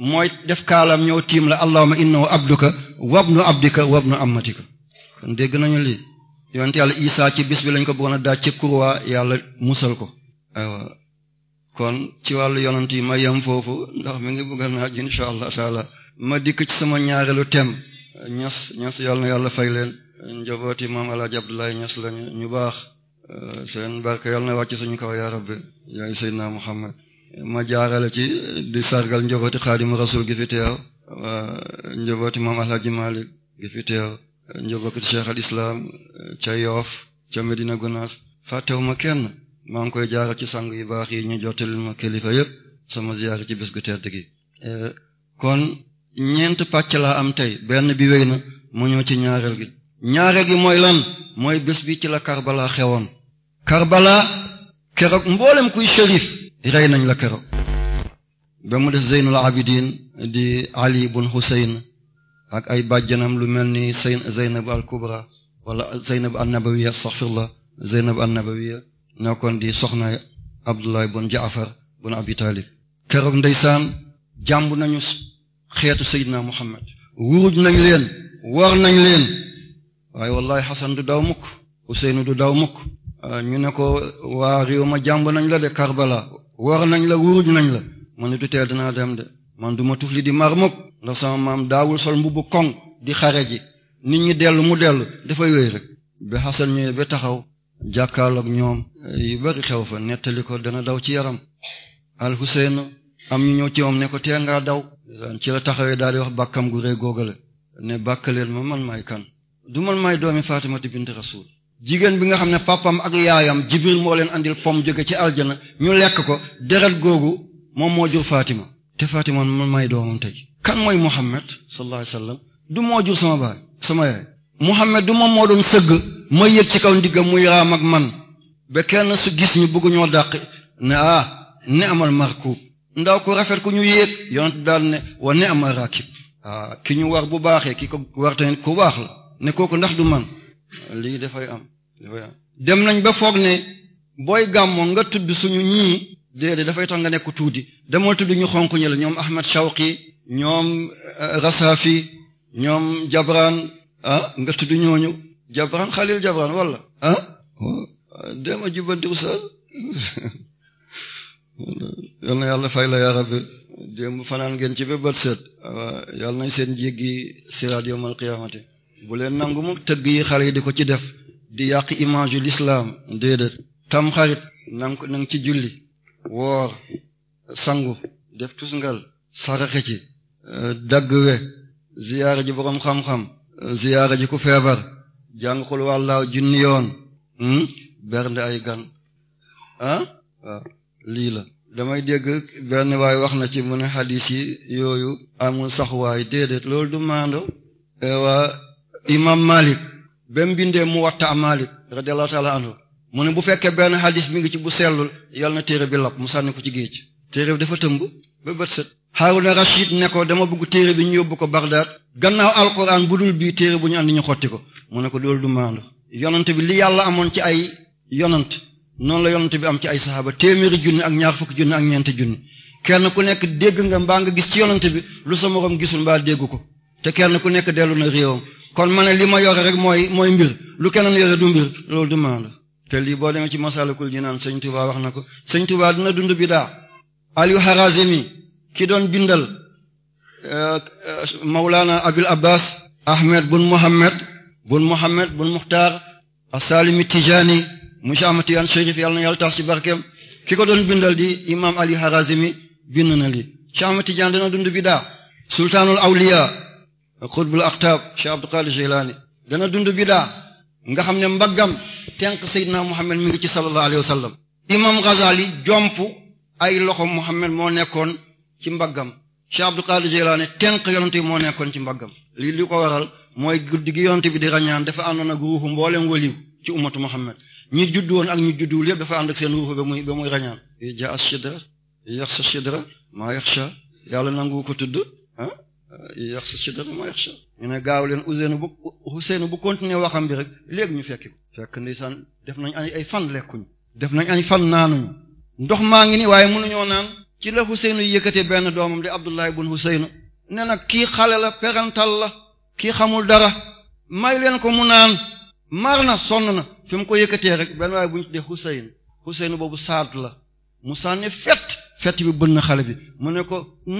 mooy def kaalam ñëw tiim la allahumma innahu abduka wabnu abdika wabnu amatika kon dégg nañu lii yonent yàlla isa ci bis bi lañ ko bëggoon a daaj ci kurwa yàlla musal ko kon ci wàllu yonent yi ma yem foofu ndax mi ngi bëgga naaj insha allah taala ma dikk ci sama ñaareelu tem ñas ñas yàlla na yàlla fay leen njabooti maam alaaji abdullahi ñas lañu ñu baax seen barke yàlla na wàcc suñu kaw yaa rabbi yaay seydina muhammad ma jaarale ci di sargal njabooti xaadimu rasul gi fi teew njabooti maam alhaji malik gi fi teew njabooti cheikh islaam eh, ca yoof ca medina gunaas fàttewu ma kenn maa ngi koy jaaral ci sang yu baax yi ñu jottali ma kilifa yépp sama ziyaara ci bés gu tedd gi eh, kon ñeent pàcc laa am tey benn bi wéy na mu ñëw ci ñaareel gi ñaarel gi mooy lan mooy bés bi ci la karbala xewoon karbala keroog mboolem kuy shérif rey nañ la kero ba mu des zeynul abidin di ali bun husayn ak ay bàjjanam lu mel ni sayn zeynab al kubra wala zeynab an nabawiya astaghfirullah zeynab an nabawiya nekkoon di soxna abdullah bun jaafar bun abi talib keroog ndeysaan jàmb nañu xeetu seydina muhammad wuruj nañ leen war nañ leen waaye wallahi xasan du daw mukk huseynu du daw mukk Euh, ñu ne ko waa réew ma jàmb nañ la de Karbala war nañ la wuruj nañ la moo ne du tee dinaa dem de man du ma tufli di mar mukk ndax sama maam daawul sol mbubbu koŋ di xare ji nit ñi dellu mu dellu dafa yooyu rek ba Xasan ñëwee ba taxaw jàkkaarloog ñoom yu bari xew fa nettali ko dana daw ci yaram al Huseyn am ñu ci moom ne tee ngaa daw ci la taxawee daal di wax bàkkam gu rëy googale ne leen ma man maay kan du man maay doomi Faatimata bint Rasuul jigéen bi nga xam ne papam ak yaayam jibril moo leen andil pom jóge ci aljana ñu lekk ko deret googu moom moo jur Fatima te Fatima man may doomam tey kan mooy Muhammad sallallahu alayhi du moo jur sama baay sama yaay Muhammad du moom moo doon sëgg ma yëg ci kaw ndiggam muy raam ak man ba kenn su gis ñu bëgg ñoo dàq ne ah ne amal markuub ndaw ku rafet ku ñu yéeg yonent daal ne wa ne amal rakib ah, ki ñu war bu baaxee ki ko war tamit ku baax la ne kooku ndax du man lii dafay am dem nañ ba foog ne booy gàmmoo nga tudd suñu ñii déedéet dafay tax nga nekk tuuti demal tudd ñu xonq ñi la ñoom Ahmad Shawqi ñoom euh, Rasafi ñoom Jabran ah nga tudd ñooñu Jabran Khalil Jabran walla ah dema jubbanti oustaz yal yàlla fay la yaa rabbi démb fanaan ngeen ci bébat seet yàlla nañ seen jéggi si yawmal qiyaamati bu leen nangu mu tëgg yi xale yi di ko ci def di yàq image yu l'islam déedéet tamxarit na ci julli woor sangu def tusngal saraxe ci euh, dagg we ziyaara ji boroom xam-xam ziyaara ji ku feebar jàng xul wàllaaw junni yoon hmm, bernde ay gan ah la damay dégg benn waay wax na ci mu ne yooyu amul sax waay déedéet loolu du maando eh, waa imam Malik ba mu bindee mu watta Maalik radiyallahu ta'ala anhu mu ne bu fekkee benn hadis mi ngi ci bu sellul yàlla na téere bi lap mu sànni ko ci géej téere bi dafa tëmb ba bët set Haruna Rashid ne ko dama bëgg téere bi ñu yóbbu ko Bagdad gannaaw alquran bu dul bii téere bu ñu andi ñu xotti ko mu ne ko loolu du maandu yonante bi li yàlla amoon ci ay yonant noonu la yonent bi am ci ay saxaaba téeméeri junni ak ñaar fukki junni ak ñeenti junni kenn ku nekk dégg nga mbaa nga gis ci yonent bi lu sa moroom gisul mbaa dégg ko te kenn ku nekk dellu na réewam kon ma ne li ma yore rek mooy mooy mbir lu keneen yore du mbir loolu du te lii boo demee ci masalakul jinaan sëñ Tuba wax na ko sëñ Tuba dina dund bidaa Aliou Harazimi ki doon bindal euh, Mawlana Abil Abbas Ahmed bun Mohammed bun Mohammed Asalimi Tijani monsieur Ahmad Tijaan Chérif yàlla na yàlla tax barkeem ki ko doon bindal di imam Aliou Harazimi bind na lii Tijaan dina dund bidaa sultaanul awliya xutbul aqtab Cheikh Abdul Qadir Jilani dana dund bidaa nga xam ne mbaggam tenq Seydina Muhammad mi ngi ci sallallahu alayhi wa sallam imam Ghazali jomp ay loxo Muhammad moo nekkoon ci mbaggam Cheikh Abdul Qadir Jilani tenq yonent moo nekkoon ci mbaggam li li ko waral mooy guddi gi yonent bi di rañaan dafa àndoon ak ruuxu mbooleem waliw ci ummatu Muhammad ñi judd woon ak ñi judduwul yëpp dafa ànd ak seen ruuxu ba muy ba muy rañaan ja as shidra yaxsha shidra maa yaxsu dana ma yaxsa ñu ne gaaw leen Ousseynou bu Ousseynou bu continuer waxam bi rek léegi ñu fekki fekk fekk ndeysaan def nañ ay fan lekkuñu def nañ ay fan naanuñu ndox maa ngi ni waaye mënuñoo naan ci la Ousseynou yëkkatee benn doomam di Abdullahi bun Ousseynou ne nag kii xale la perantal la kii xamul dara may leen ko mu naan mar na sonn na fi mu ko yëkkatee rek benn waaye bu ñu tuddee Ousseynou Ousseynou boobu saad la mu sànni fett fett bi bën xale bi mu ne ko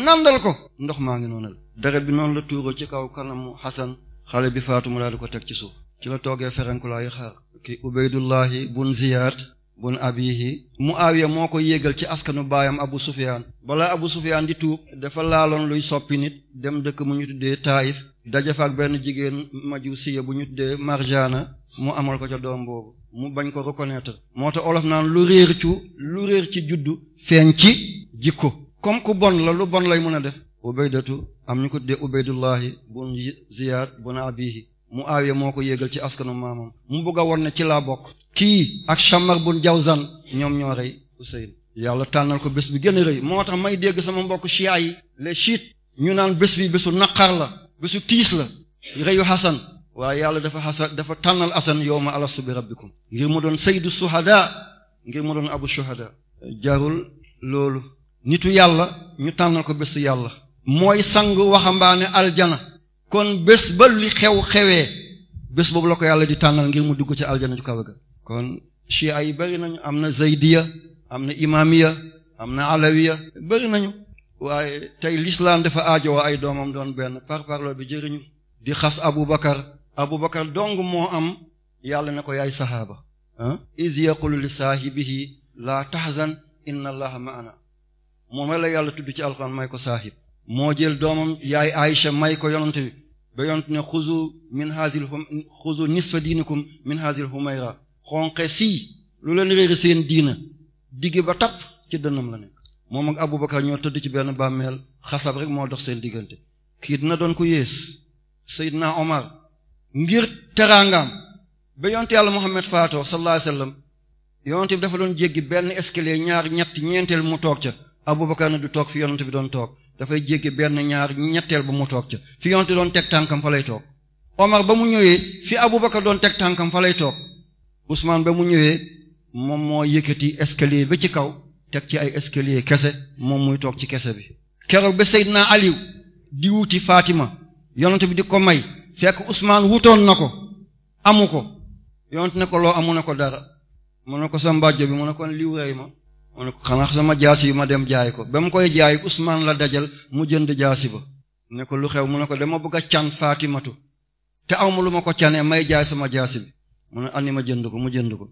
nandal ko ndox maa ngi noonu la deret bi noonu la tuuroo ci kaw kanamu Xasan xale bi faatu mu daal ko teg ci suuf ci la toogee ferenkulaayu xaar ki Ubeydullahi bun Ziyaad bun abihi Muawiya moo ko yéegal ci askanu baayam Abu Sufyaan balaa Abu Sufyaan di tuub dafa laaloon luy soppi nit dem dëkk mu ñu tuddee Taayif daje ak benn jigéen majusiya bu ñu tuddee Marjaana mu amal ko ca doom boobu mu bañ ko reconnaître moo feeñ ci jikko comme ku bon la lu bon lay mën a def ubaydatu am ñu ko tuddee ubaydullahi bun ziyaad bun abihi muawiya moo ko yéegal ci askanu maamam mu bëgg a won ci laa bokk kii ak shammar bun jawzan ñoom ñoo rey usayn yàlla tànnal ko bés bi gën rey moo tax may dégg sama mbokk chia yi les chiites ñu naan bés bi bésu naqar la bésu tiis la reyu hasan waaye yàlla dafa hasan dafa tànnal hasan yawma alastu bi rabbikum ngir mu doon sayyidu shuhada ngir mu doon abu shuhada jarul loolu nitu yàlla ñu tànnal ko bésu yàlla mooy sang waxambaane aljana kon bés ba li xew xewee bés boobu la ko yàlla di tànnal ngir mu dugg ci aljana ju kawe ga kon chia yi bëri nañu am na zaydiya am na imamiya am na alawiya bëri nañu waaye tey l'islam dafa aajowoo ay doomam doon benn par bi jëriñu di xas abubakar abubakar dong moo am yàlla ne ko ay sahaaba ah iz yaqulu li saahibihi la tahzan inna allaha ma'ana moom la yàlla tudd ci alxuraan may ko saaxib moo jël doomam yaay Aïcha may ko yonante bi ba yonante ne xuzu min haazil xuzu nisfa diinikum min haazil xonqe sii lu leen réeri seen diina digg ba tapp ci dënnam la nekk moom ak Abubakar ñoo tëdd ci benn bàmmeel xasab rek moo dox seen diggante kii dina doon ko yées Seydina Omar ngir teraangaam ba yonte yàlla Muhammad faatoo sallallahu wasallam yonent bi dafa doon jéggi benn escalier ñaar ñett ñeenteel mu toog ca Abubakar na du toog fi yonent bi doon toog dafay jéggi benn ñaar ñetteel bu mu toog ca fi yonent doon teg tànkam fa lay toog Omar ba mu ñëwee fi Abubakar doon teg tànkam fa lay toog Ousmane ba mu ñëwee moom moo yëkkati escalier ba ci kaw teg ci ay escalier kese moom muy toog ci kese bi keroog ba Seydina Aliou di wuti Fatima yonent bi di ko may fekk Ousmane wutoon na ko amu ko yonent ne ko loo amu ne ko dara mu ne ko sa mbàjjo bi mu ne kon liw rey ma mu ne ko xanaa sama jaasi bi ma dem jaay ko ba mu koy jaay Ousmane la dajal mu jënd jaasi ba ne ko lu xew mu ne ko dama bëgg a can Faatimatu te aw ma lu ma ko canee may jaay sama jaasi bi mu ne ani ma jënd ko mu jënd ko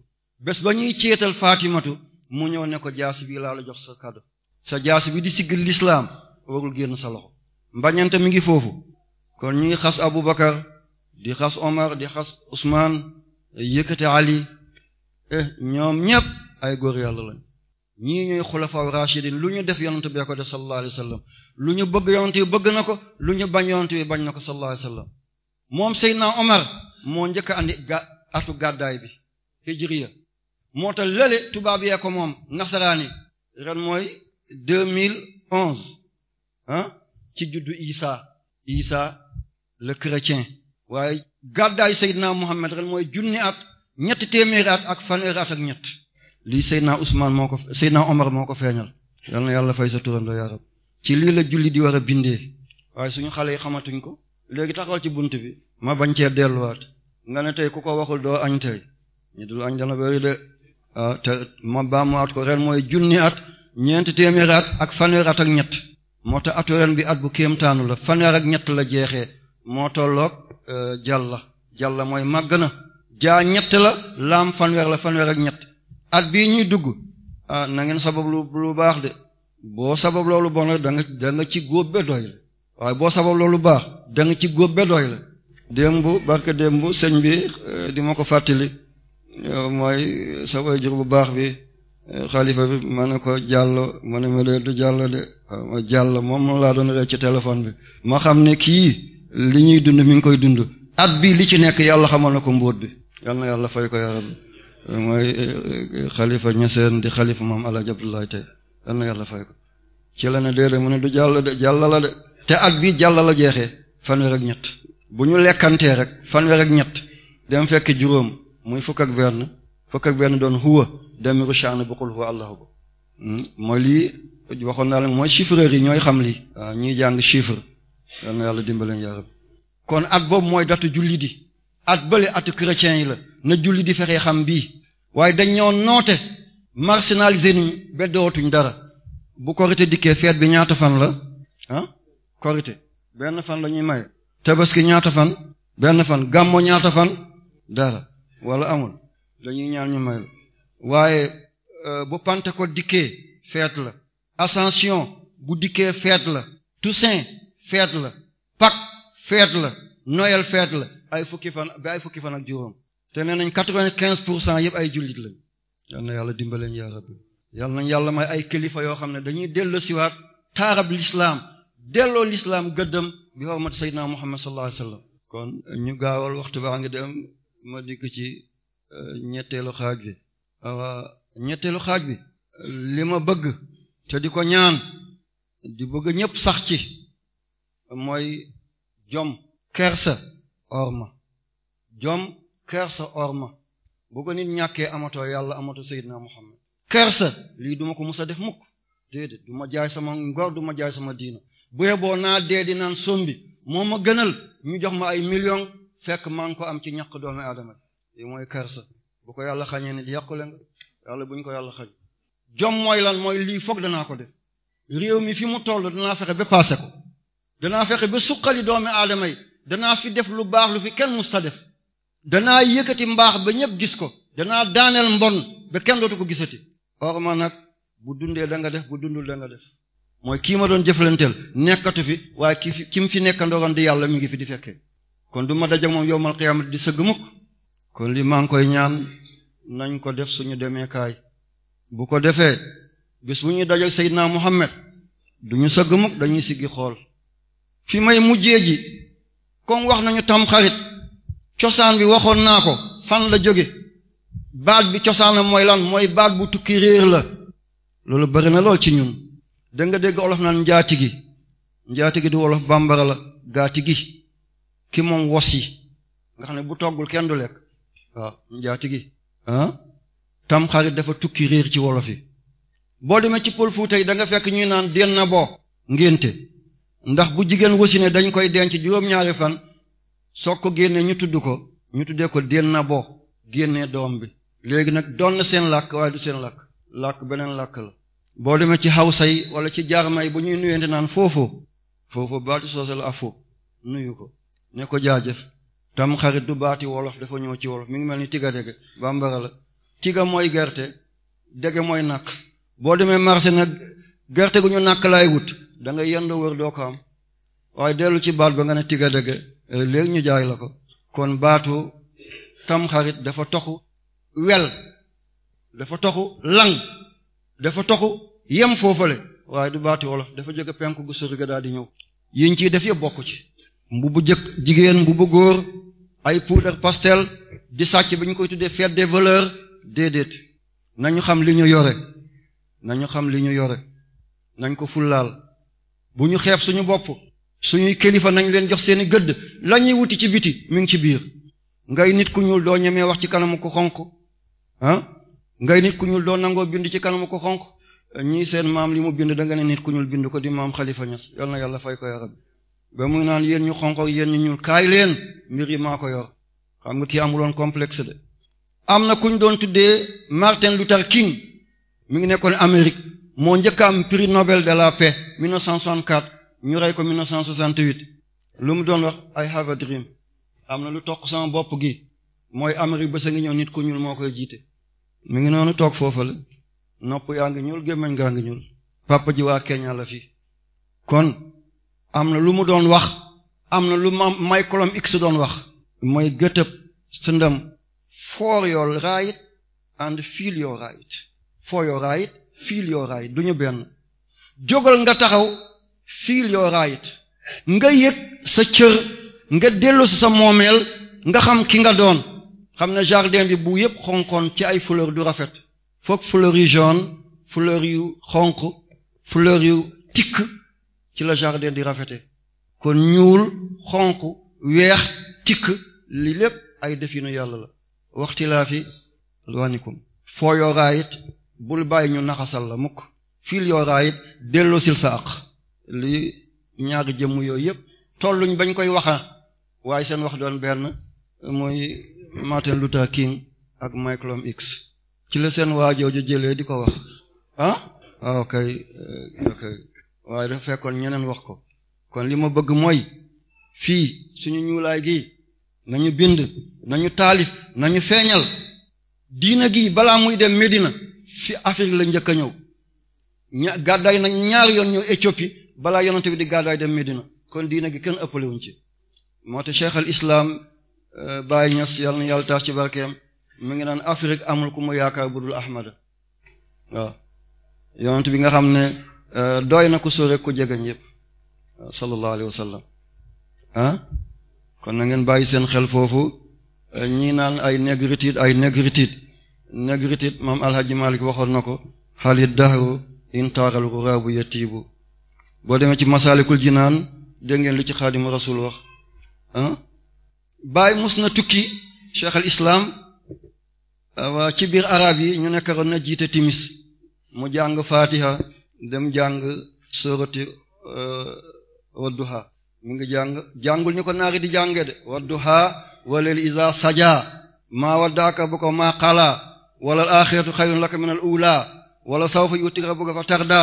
bés ba ñuy ceetal Faatimatu mu ñëw ne ko jaasi bi laa la jox sa kado sa jaasi bi di sigg lislaam warul génn sa loxo mbañante mi ngi foofu kon ñuy xas Abubakar di xas Omar di xas Ousmane yëkkate Ali Eh, ñoom ñépp ay góor yàlla lañ ñii ñuy xulafaaw rachidin lu ñu def yonent bi ko def sallallahu alayhi wa sallam lu ñu bëgg yonent bi bëgg na ko lu ñu bañ yonent bi bañ na ko sallallahu alayhi wa sallam moom Seydina Omar moo njëkk a andi ga atu gàddaay bi hijriya moo tax lële tubaab yee ko moom nasaraani ren mooy deux mille onze ah ci juddu Isa Isa le chrétien waaye gàddaay Seydina Muhammad ren mooy junni at ñetti téeméeraat ak fanweeri ak ñett lii Seydina Ousmane moo ko Seydina Omar moo ko feeñal yal na yàlla fay sa turandoo ya rab ci lii la julli di war a bindee waaye suñu xale yi xamatuñ ko léegi taxawal ci bunt bi ma bañ cee delluwaat nga ne tey ku ko waxul doo añ tey ñu dul añ dana bëri de ah, te ma baamuwaat ko ren mooy junni at ñeenti téeméeraat ak fanweeri ak ñett moo tax atu ren bi at bu kéemtaanu la fanweer ak ñett la jeexee moo tolloog eh, jàlla jàlla mooy màgg na jaa ñett la laam fanweer la fanweer ak ñett at bii ñuy dugg ah na sabab lu lu baax de boo sabab loolu bon la da nga ci góob be doy la waaye boo sabab loolu baax da ci góob be doy la démb barke démb sëñ bi eh, di ma ko fàttali eh, mooy eh, sa way jur bu baax bi xalifa bi ma ne ko jàllo ma ne ma de du jàllo de ah, ma jàllo moom laa doon rek ci téléphone bi ma xam ne kii li ñuy dund mu ngi koy dund at bi li ci nekk yàlla xamal na ko mbóot bi yal na yàlla fay ko yaram mooy eh, eh, xalifa ñeseen di xalifa moom alaaj abdullahi tey yal na yàlla fay ko ci la ne déedéet mu ne du jàll de jàll la de te at bii jàll la jeexee fanweer ak ñett bu ñu lekkantee rek fanweer ak ñett dem fekk juróom muy fukk ak benn fukk ak benn doon huwa demiru shaana bu qul huwa allahu ba hmm? mooy lii waxoon naa leen mooy chiffreur yi ñooy xam lii waaw ñiy jàng chiffre yal na yàlla dimbaleen yaram kon at boobu mooy datu julli di at bële atu chrétien yi la na julli di fexee xam bii waaye dañ ñoo noote marginalisé nuñ ba dootuñ dara bu korite dikkee feet bi ñaata fan la ah korite benn fan la ñuy maye tabaski ñaata fan benn fan gàmmo ñaata fan dara wala amul dañuy ñaan ñu may la waaye euh, bu Pentecôte dikkee feet la Ascension bu dikkee feet la Toussaint feet la Pâques feet la Noël feet la ay fukki fan ba ay fukki fan ak juróom te nee nañ quatre vingt pour cent yëpp ay jullit lañ yal na yàlla dimbaleen yaa rabbi yal nañ yàlla may ay kilifa yoo xam ne dañuy dello siwaat taarab lislaam delloo lislaam gëddëm bi hormat seydina muhammad sallallahu alayhi wasallam kon ñu gaawal waxtu baa ngi dem ma dikk ci euh, ñetteelu xaaj bi ñetteelu xaaj bi li ma bëgg te di ko ñaan di bëgg ñépp sax ci mooy jom kersa orma jom kersa orma bu ko nit ñàkkee amatoo yàlla amatoo Seydina Muhammad kersa lii duma ko musa def mukk déedéet du ma jaay sama ngor du ma jaay sama diina bu yeboo naa dee di naan sombi moo ma gënal ñu jox ma ay million fekk maa ko am ci ñàkk doomi aadama yi mooy kersa bu ko yàlla xañee nit yàqule nga yàlla bu ñu ko yàlla xañ jom mooy lan mooy lii foog danaa ko def réew mi fi mu toll danaa fexe ba paase ko danaa fexe ba suqali doomi aadama yi danaa fi def lu baax lu fi kenn musta def danaa yëkkati mbaax ba ñëpp gis ko danaa daaneel mbon ba kenn dootu ko gisati or ma nag bu dundee da nga def bu dundul da nga def mooy kii ma doon jëflanteel nekkatu fi waaye ki fi ki mu fi nekkandooroon di yàlla mi ngi fi di fekkee kon du ma daje moom yowmal qiyaamati di sëgg mukk kon li maa ngi koy ñaan nañ ko def suñu demee kaay bu ko defee bis bu ñuy daje Seydina Muhammad duñu sëgg mukk dañuy siggi xool fi may mujjee comme wax nañu tam cosaan bi waxoon naa ko fan la jóge baat bi cosaanam mooy lan mooy baat bu tukki réer la loolu bari na lool ci ñun da nga dégg olof naan njaati gi njaati gi du wolof bambara la gaati gi ki moom wos yi nga xam ne bu toggul kenn du lekk waaw njaati gi ah tam xarit dafa tukki réer ci wolof yi boo demee ci pël fuuta yi da nga fekk ñuy naan den na boo ngénte ndax bu jigéen wusine dañ koy denc juróom-ñaari fan soog ko génnee ñu tudd ko ñu tuddee ko déen na bo génnee doom bi léegi nag doon na seen làkk waaye du seen làkk làkk beneen làkk la boo demee ci xawsa yi wala ci jaar may bu ñuy nuyente naan foofu foofu baati soose la afo nuyu ko ne ko jaajëf tam xarit du baati wolof dafa ñëw ci wolof mi ngi mel ni tiga dege bambara la tiga mooy gerte dege mooy nàkk boo demee marché nag gerte gu ñu nàkk laay wut da yenn yen la wër doo ko am waaye dellu ci baat ba nga ne tig a eh, léegi ñu jaay la ko kon baatu tam xarit dafa toxu wel dafa toxu lang dafa toxu yem foofale waaye du baati wolof dafa jóge penk gu sori ga daal di ñëw yiñ ciy def yëpp bokku ci mbubu jëkk jigéen mbubu góor ay poudre pastel di sàcc bi ñu koy tuddee fête des valeurs déedéet nañu xam li ñu yore nañu xam li ñu yore nañ ko fullaal bu ñu xeeb suñu bopp suñuy kilifa nañ leen jox seeni gëdd la ñuy wuti ci biti mi ngi ci biir ngay nit ku ñuul doo ñemee wax ci kanamu ko xonq ah ngay nit ku ñuul doo nangoo bind ci kanamu ko xonq ñii seen maam li mu bind da nga ne nit ku ñuul bind ko di maam Khalifa Niass yal na yàlla fay ko ya rabbi ba muy naan yéen ñu xonq yéen ñu ñuul kaay leen mbir yi maa ko yor xam nga kii amuloon complexe de am na ku ñu doon tuddee Martin Luther King mi ngi nekkoon Amérique moo njëkk a am prix Nobel de la paix ñu rey ko 1968 lu mu doon wax I have a dream am na lu toq sama bopp gi mooy Amérique ba a ngi ñëw nit ku ñuul moo koy jiite. mi ngi noonu toog foofa la nopp yaa ngi ñuul gémmañ gaa ngi ñuul papa ji waa Kenya la fi kon am na lu mu doon wax am na lu ma Malcolm X doon wax. mooy gëtëb sëndam for your right and feel your right for your right. feel your du ñu benn jógal nga taxaw feel your right nga yëg sa cër nga dellu sa moomeel nga xam ki nga doon xam ne jardin bi bu yëpp xonkoon ci ay fleur du rafet foog fleur yu jaune fleur yu xonq fleur yu tikk ci la jardin di rafete kon ñuul xonq weex tikk lii lépp ay definu yàlla la waxtilaafi alwaanikum for your right bul bàyyi ñu naxasal la mukk fiil yooraa it delloo sil sa aq li ñaari jëmm yooyu yëpp tolluñ bañ koy waxa waaye seen wax doon benn mooy Martin Luther King ak Malcolm X ci la seen waajooju jëlee di ko wax ah waaw ah, kay eh, waaye dafa fekkoon ñeneen wax ko kon li ma bëgg mooy fii suñu ñuulaay gi nañu bind nañu taalif nañu feeñal diina gi balaa muy dem Medina ci Afrique la njëkk a ñëw ña gàddaay na ñaar yoon ñëw Éthiopie balaa yonent bi di gàddaay dem Medina kon diina gi kenn ëppalewuñ ci moo te Cheikh al Islam euh, Baye Niass yàlla na yàlla taas ci barkeem mu ngi naan Afrique amul ku mu yaakaar budul Ahmada waaw yonent bi nga xam ne euh, doy na ku sore ku jegeñ yëpp sallallahu alayhi wa sallam ah kon na ngeen bàyyi seen xel foofu euh, ñii naan ay négritude ay négritude nagritit maam alhaji malik waxoon na ko xaalit dahru intaaral ruraabu yatiibu boo demee ci masaalikul jinaan dégg ngeen li ci xaadimu rasul wax ah? baay mus na tukki cheikh al islam ah, waa ci biir arab yi ñu nekkaroon na jiite timis mu jàng fatiha dem jàng soroti eh, wadduha mu ngi jàng jàngul ñu ko naari di jànge de wadduha walel isa saja maa waddaaka bu ko maa xalaa wala alaaxiratu xayrun laka min al ula wala sawfa yu'tika rabbuka fa tarda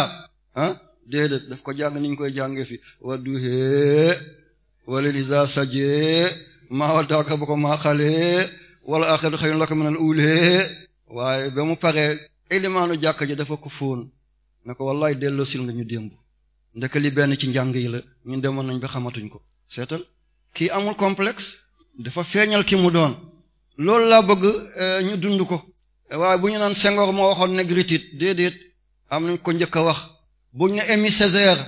ah déedéet daf ko jàng niñ koy jàngee fi wadduhee wala lisa sajee maa waddaaka rabbuka maa xalee wala alaaxiratu xayrun laka min al ulee waaye ba mu paree élimaanu jàkk ji dafa ko fóon ne ko wallaay delloo sil nga ñu démb ndek li benn ci njàng yi la ñun demoon nañ ba xamatuñ ko seetal kii amul complexe dafa feeñal ki mu doon loolu laa bëgg eh, ñu dund ko waaye bu ñu naan Senghor moo waxoon négritude déedéet am nañ ko njëkk a wax bu ñu ne Aimé Césaire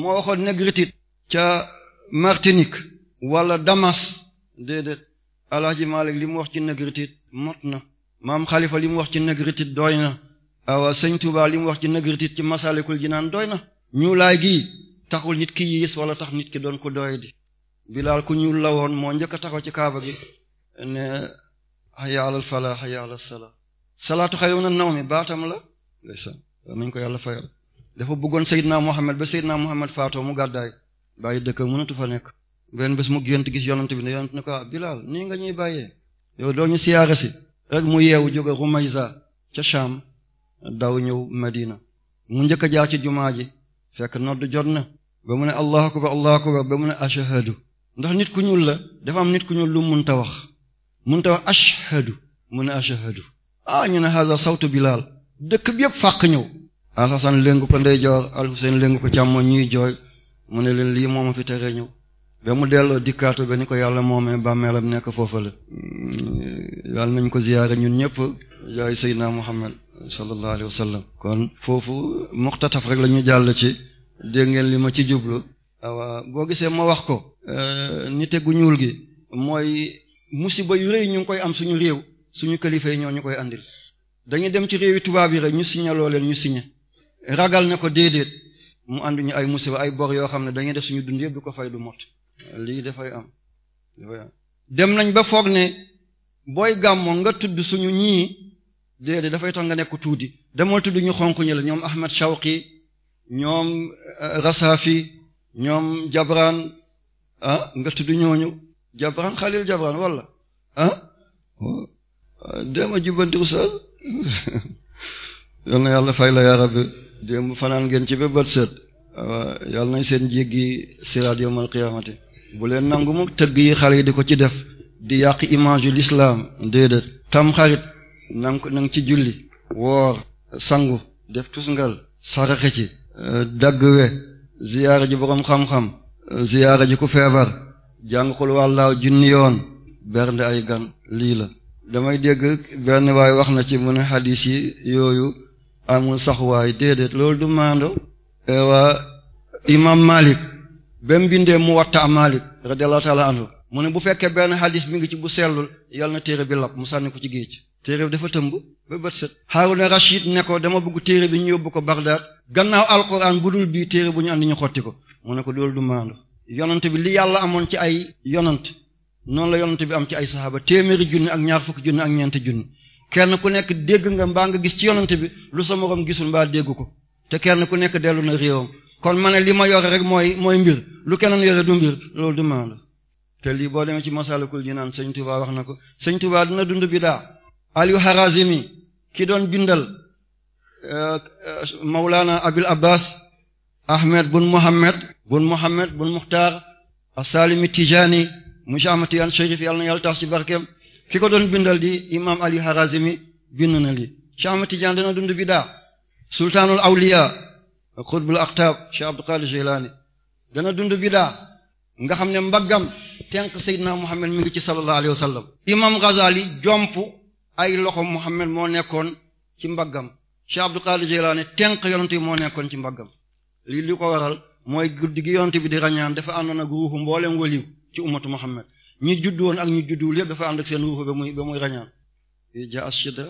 moo waxoon négritude ca Martinique wala Damas déedéet Alhaji Malick li mu wax ci négritude mot na maam xalifa li mu wax ci négritude doy na awa Sëñ Touba li mu wax ci négritude ci Masalikul Jinaan doy na ñuulaay gi taxul nit ki yiis wala tax nit ki doon ko doy di bilaal ku ñuul la woon moo njëkk a ci kaaba gi ne hayya alal falaa hayya alal salaa salaatu xayrun min nawmi baatam la ndeysaan nañ ko yàlla fayal dafa bëggoon Seydina Mohamed ba Seydina Mohamed faatoo mu gàddaay bàyyi dëkk mënatu fa nekk benn bés mu gént gis yonent bi ne yonent ne ko ah Bilal nii nga ñuy bàyyee yow doo ñu siyaare si rek mu yeewu jóge Rumayza ca Sham daw ñëw Medina mu njëkk a jaar ci jumaa ji fekk nodd jot na ba mu ne allahu akbar allahu akbar ba mu ne ashhadu ndax nit ku ñuul la dafa am nit ku ñuul lu munta wax munta wax ashhadu mu ne ah ñu ne hasa sawtu bilaal dëkk bi yëpp fàq ñëw alxasan léngu ko ndeyjoor alxuseen léngu ko càmmoñ ñuy jooy mu ne leen lii moom mooma fi teree ñëw ba mu delloo dikkaatu ba ni ko yàlla moomee bàmmeelam nekk foofale mm, yàlla nañ ko ziyaare ñun ñëpp yaay seydina muhammad sallallahu alayhi wa sallam kon foofu muxtataf rek la ñu jàll ci dégg ngeen li ma ci jublu waaw boo gisee ma wax ko euh, nite gu ñuul gi mooy musiba yu rëy ñu ngi koy am suñu réew suñu kilifa yi ñoo ñu koy andil dañuy dem ci réew tubaab yi rek ñu signaloo leen ñu signé ragal ne ko déedéet mu ànd ñu ay musiba ay bor yoo xam ne dañuy def suñu dund yëpp du ko fay du mot lii dafay am dem nañ ba foog ne booy gàmmoo nga tudd suñu ñii déedéet dafay tax nga nekk tuuti demal tudd ñu xonq ñi la ñoom Ahmed Shawqi ñoom euh, Rasafi ñoom Jabran ah nga tudd ñooñu Jabran Khalil Jabran walla ah déema jubbanti oustaz yal na yàlla fay la yaa rabbi démb fanaan ngeen ci ba bët seet yàlla nañ seen jéggi siraat yawmal qiyaamati bu leen nangu mu tëgg yi xale yi di ko ci def di yàq image yu lislaam déedéet tam xarit nang ko nang ci julli woor sangu def tusngal saraxe ci euh, dagg we ziyaara ji boroom xam-xam euh, ziyaara ji ku feebar jàng xul wàllaaw junni yoon bernde ay gan lii la damay dégg benn waay wax na ci mu ne xadis yi yooyu amul sax waay déedéet loolu du maando eh, waa imam malik ba mu bindee mu watta malik radiyallahu taala anhu mu ne bu fekkee benn xadis mi ngi ci bu sellul yal na téere bi lap mu sànni ko ci géej téere bi dafa tëmb ba bët set Haruna Rashid ne dama bëgg téere bi ñu yóbbu ko Bagdad gannaaw alquran bu dul bii téere bu ñu andi ñu xotti ko mu ne loolu du maando yonent bi li yàlla amoon ci ay yonent noonu la yonent bi am ci ay saxaaba téeméeri junni ak ñaar fukki junni ak ñeenti junni kenn ku nekk dégg nga mbaa nga gis ci yonent bi lu sa moroom gisul mbaa dégg ko te kenn ku nekk dellu na réewam kon ma ne li ma yore rek mooy mooy mbir lu keneen yore du mbir loolu du maandu te lii boo demee ci masalikul jinaan sëñ Tuba wax na ko sëñ Tuba dina dund bi daa Aliou Harazimi ki doon bindal euh, Mawlana Abil Abbas Ahmed bun Mohammed bun Mohammed bun Asalimi Tijani mu Cheikh Ahmad Tidiane Chérif yàlla na yàlla tax ci barkeem ki ko doon bindal di imam Ali Harazimi bind na li Cheikh Ahmad Tidiane dana dund bidaa sultaanul awliya xutbul aqtab Cheikh Abdul Qadir Jilani dana dund bidaa nga xam ne mbaggam tenk Seydina Muhammad mi ngi ci sallallahu alayhi wa sallam imam Ghazali jomp ay loxo Muhammad moo nekkoon ci mbaggam Cheikh Abdul Qadir Jilani tenk moo nekkoon ci mbaggam li li ko waral mooy guddi gi yonent bi di rañaan defa àndoon ak ruuxu mboolem ci ummatu Muhammad ñi judd woon ak ñi judduwul yëpp dafa ànd ak seen ruuxu ba muy ba muy rañaan ja as shidra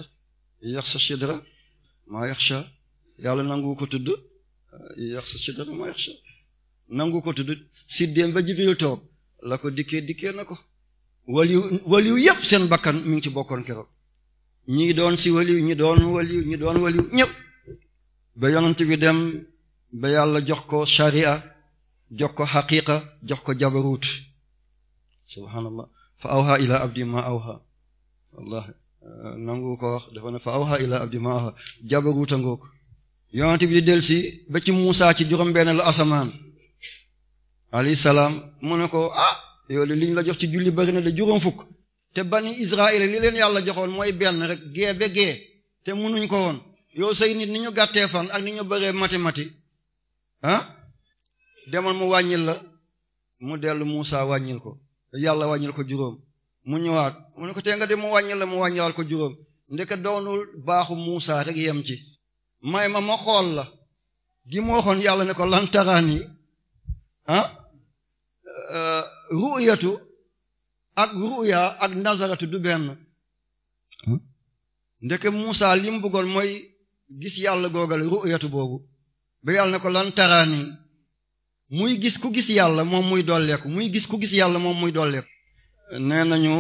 yaxsa shidra maa yaxsha yàlla nangu ko tudd yaxsa shidra maa yaxsha nangu ko tudd siddéem ba Jibril toog la ko dikkee dikkee na ko waliw waliw seen bakkan mi ngi ci bokkoon keroog ñi doon si waliw ñi doon waliw ñi doon waliw ñëpp ba yonent dem ba yàlla jox ko sharia jox ko xaqiqa jox ko jabarut subhaanallah fa awha ila abdi ma awha wallah euh, nangu ko wax dafa ne fa awha ila ngoog yonent bi di delsi ba ci Muusaa ci juróom-benneelu asamaan alayhi salaam mu ne ko ah yow li liñ la jox ci julli bari na juróom fukk te bani Israël li leen yàlla joxoon mooy benn rek gee be gee te munuñ ko woon yow say nit ni ñu gàttee fan ak ni ñu mati mathématique ah demal mu wàññil la mu dellu Muusaa wàññil ko yàlla wàññil ko juróom mu ñëwaat mu ne ko tee nga de mu wàññil la mu wàññilaat ko juróom ndeke doonul baaxu Muusa rek yem ci may ma ma xool la gi mu waxoon yàlla ne ko lan taraan yi ah euh, ru'yatu ak ru'ya ak nazaratu du benn ndeke Muusa li mu bëggoon mooy gis yàlla googal ru'yatu boobu ba yàlla ne ko lan muy gis ku gis yàlla moom muy dolleeku muy gis ku gis yàlla moom muy dolleeku nee nañu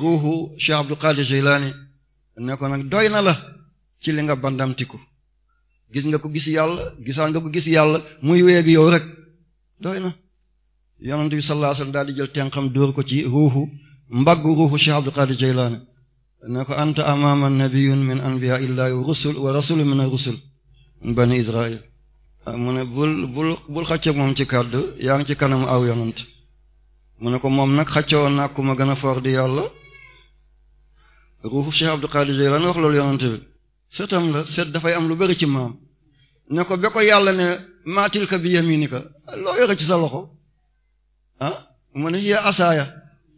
ruuxu Cheikh Abdul Qadir Jilani ne ko nag doy na la ci li nga bandamtiku gis nga ko gis yàlla gisaan nga ko gis yàlla muy weegi yow rek doy na yonent bi sallallahu alayhi wasallam daal di jël tenxam dóor ko ci ruuxu mbaggu ruuxu Cheikh Abdul Qadir Jilani ne ko anta amaama nabiyun min anbiya illahi wa rasul wa rasul min ar-rusul bani Israil Ah, mu ne bul bul bul xàcce moom ci kàddu yaa ngi ci kanamu aw yonant mu ne ko moom nag xàccewoon naa ku ma gën a foor di yàlla ruuxu Cheikh Abdou Qadir Jilani wax loolu yonant bi setam la set dafay am lu bëri ci maam ne ko ba ko yàlla ne maatil ka bi yaminika loo yore ci sa loxo ah mu ne hiya asaaya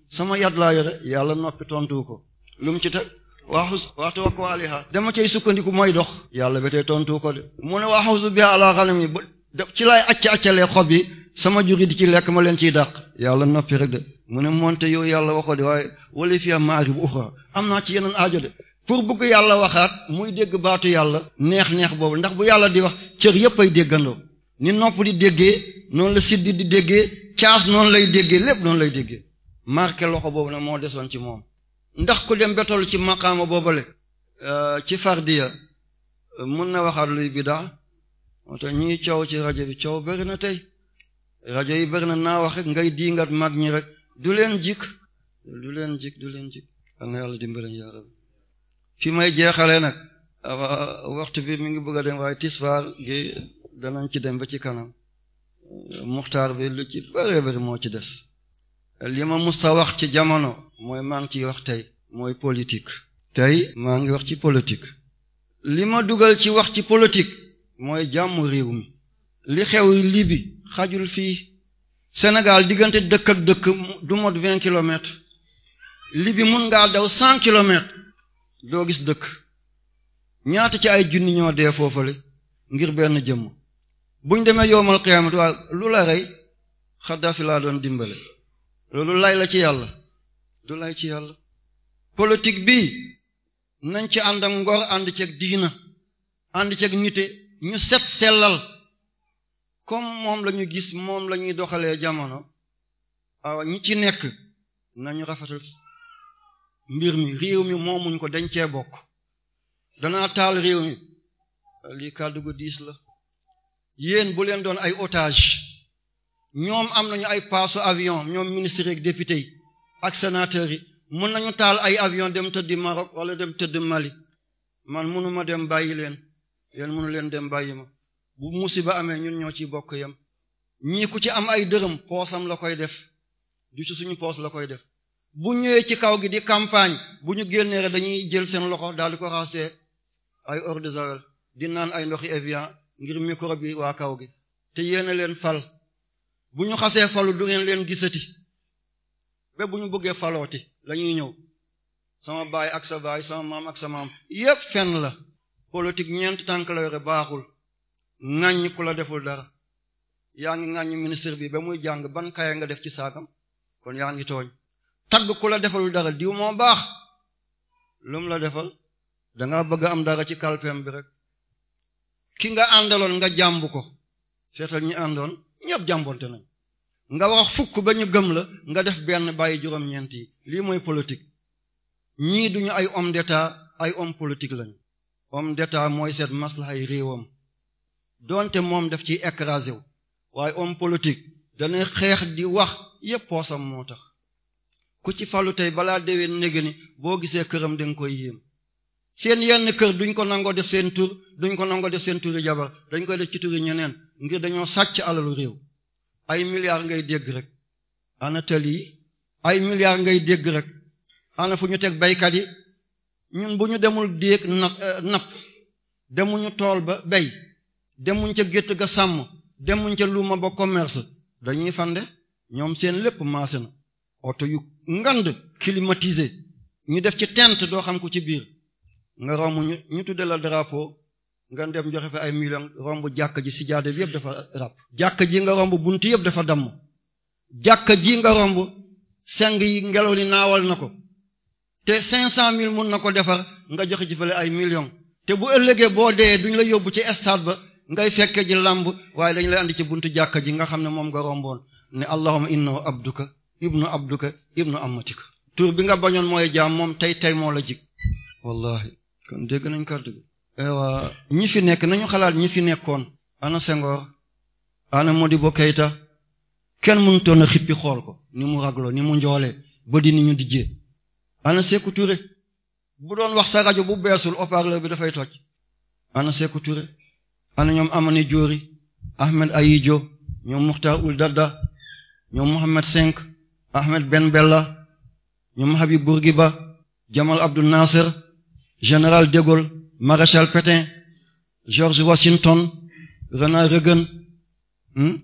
sama yat laa yore yàlla noppi tontu ko lu mu ci teg waaxus waxtu wakwaaliha dama cay sukkandiku mooy dox yàlla ba tey tontu ko de mu ne waaxusu bi ala xanam yi ba ci laay acca accalee xob yi sama jur di ci lekk ma leen ciy dàq yàlla noppi rek de mu ne moonte yow yàlla waxoo de waaye wala fiya maari bu uxra am naa ci yeneen ajo de pour bëgg yàlla waxaat muy dégg baatu yàlla neex neex boobu ndax bu yàlla di wax cër yépp ay déggandoo ni nopp di déggee noonu la siddi di déggee caas noonu lay déggee lépp noonu lay déggee marqué loxo boobu nag moo desoon ci moom ndax ku dem ba toll ci maqaama boobale euh, ci fardiya euh, mun na waxaat luy bidaa moo tax ñii coow ci rajo bi coow bëri na tey rajo yi bëri na naa wax rek ngay diingat mag ñi rek du leen jikk du leen jik du leen jik am na yàlla dimbale yaa rabbi fi may jeexalee nag waxtu bi mi ngi bëgg a dem waaye tisfaar gi danañ ci dem ba ci kanam muxtaar bi lu ci bëree moo ci des li ma musta wax ci jamono mooy maa ngi ciy wax tey mooy politique tey maa ngi wax ci politique li ma dugal ci wax ci politique mooy jàmm réew mi li xew Libi xajul fii senegal diggante dëkk ak dëkk du mot vingt Libi mun ngaa daw cent kilomètres doo gis dëkk ñaata ci ay junni ñoo dee foofale ngir benn jëmm buñ demee yowmal qiyamat waa lu la rey Xaddafi laa doon dimbale loolu lay la ci yàlla du lay ci yàlla politique bi nañ ci ànd ak ngor ànd ceeg diina ànd ceeg nite ñu set sellal comme moom lañu gis moom lañuy doxalee jamono aw ñi ci nekk nañu rafetal mbir mi réew mi moomuñ ko dañ cee bokk danaa taal réew mi lii kàddu gu diis la yéen bu leen doon ay otage ñoom am nañu ay paasu avion ñoom ministres yeeg députés yi ak sénateurs yi mun nañu taal ay avion dem tëdd Maroc wala dem tëdd Mali man mënuma dem bàyyi leen yéen munu leen dem bàyyi ma bu musiba amee ñun ñoo ci bokk yem ñii ku ci am ay dërëm poosam la koy def du ci suñu poos la koy def bu ñëwee ci kaw gi di campagne bu ñu génnee rek dañuy jël seen loxo daal di ko raxasee ay eau de di naan ay ndoxi Evian ngir microbe bi waa kaw gi te yéen leen fal bu ñu xasee falu du ngeen leen gisati ba bu ñu bëggee falooti la ñuy ñëw sama baay ak sa baay sama maam ak sa maam yépp fenn la politique ñeent tànk la baaxul ŋàññ ku la deful dara yaa ngi ŋàññ ministre bi ba muy jàng ban kaye nga def ci saakam kon yaa ngi tooñ tagg ku la defalul dara diw moo baax lum la defal danga bëgg am dara ci kalpem bi rek ki nga àndaloon nga jàmb ko seetal ñi àndoon ñëpp jàmbonte nañ nga wax fukk ba ñu gëm la nga def benn bàyyi juróom-ñeent lii mooy politique ñii duñu ay homme d'état ay homme politique lañu homme d'état mooy seet maslahay réewam donte moom daf ci écrasé wu waaye homme politique dana xeex di wax yépp poosam moo tax ku ci falu tey balaa déwén néega boo gisee këram danga koy yéem seen yenn kër duñ ko nangoo def seen tur duñ ko nangoo def seen turi jabar dañ koy def ci turi ñeneen ngir dañoo sàcc alalu réew ay milliards ngay dégg rek ana tël yi ay milliards ngay dégg rek ana fu ñu teg baykat yi ñun bu ñu demul déeg na eh, napp demuñu tool ba bay demuñ ca gétt ga sàmm demuñ ca luuma ba commerce dañuy fande ñoom seen lépp maase na oto yu ngand climatisé ñu def ci tent doo xam ko ci biir nga romb ñu ñu tuddee la drapeau nga dem joxe fa ay million romb jàkk ji si jaade bi yëpp dafa ràpp jàkk ji nga romb bunt yëpp dafa damm jàkk ji nga romb seng yi ngelaw li naawal na ko te cinq cent mille mun na ko defar nga joxe ci fële ay million te bu ëllëgee boo dee duñ la yóbbu ci stade ba ngay fekke ji làmb waaye dañ lay andi ci buntu jàkk ji nga xam ne moom nga romboon ne allahumma innahu abduka ibnu abduka ibnu amatika tur bi nga bañoon mooy jaam moom tey tey moo la jig wallahi kon dégg nañ kàddu gi waa ñi fi nekk nañu xalaat ñi fi nekkoon ana Senghor ana Modibo Keïta kenn mu mënutoon a xippi xool ko ni mu ragloo ni mu njoolee ba ni ñu dijjee ana Sékou bu doon wax sa rajo bu beesul haut-parleur bi dafay toj ana Sékou Touré ana ñoom Amani Diori Ahmed Ayijo ñoom Mukhtar Ould Daddah ñoom Mohamed Cinq Ahmed Ben Bella ñoom Habib Bourguiba Jamal Abdou Nasser général de Gaulle maréchal Pétain George Washington Ronald Reagan hmm?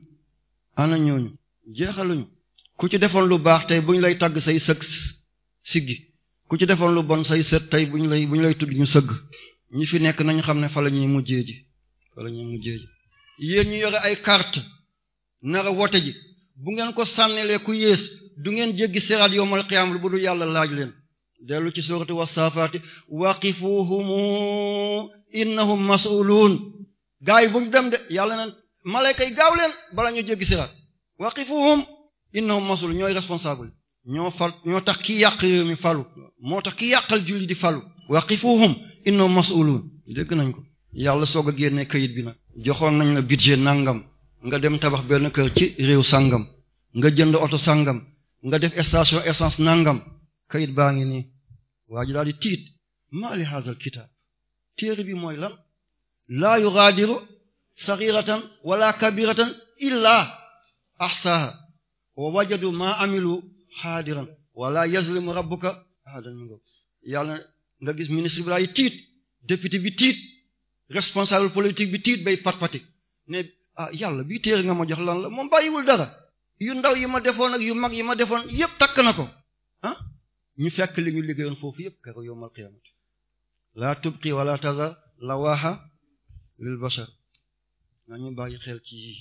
ana ñooñu jeexaluñu ku ci defoon lu baax tey bu ñu lay tàgg say sëg siggi ku ci defoon lu bon say sët tey bu ñu lay bu ñu lay tudd ñu sëgg ñi fi nekk nañu xam ne fa la ñuy mujjee ji fa la mujjee ji yéen ñu yore ay carte nara wote ji bu ngeen ko sànnilee ku yées du ngeen jéggi seraat yowmal xiyaam bu du yàlla laaj leen dellu ci suuratu wasaafaati waqifuhumu innahum mas'uluun gaay bu ñu dem de yàlla na malayka yi gaaw leen bala ñu jéggi siraat waqifuhum innahum mas'uluun ñooy responsable ñoo fal ñoo tax kii yàq réew mi falu moo tax kii yàqal julli di falu waqifuhum innahum mas'uluun dégg nañ ko yàlla soog a génne kayit bi na joxoon nañ la budget nangam nga dem tabax benn kër ci réew sangam nga jënd oto sangam nga def station essence nangam kayit baa ngi nii waaj ji daal di tiit mali hazal kitaab téere bi mooy lan laa yugaadiru saghiratan wala kabiratan illaa ahsaha wa wajadu maa amilu haadiran wala yazlimu rabbuka nga gis ministre bi daal di tiit député bi tiit responsable politique bi tiit bay pat-pati ne ah yàlla bii téere nga ma jox lan la moom bàyyiwul dara yu ndaw yi ma defoon ak yu mag yi ma defoon yépp takk na ko ñu fekk li ñu liggéeyoon foofu yëpp kero yowmal qiyaamati laa tubqi wala tazar lawaaha lil bashar ñu bàyyi xel ci yii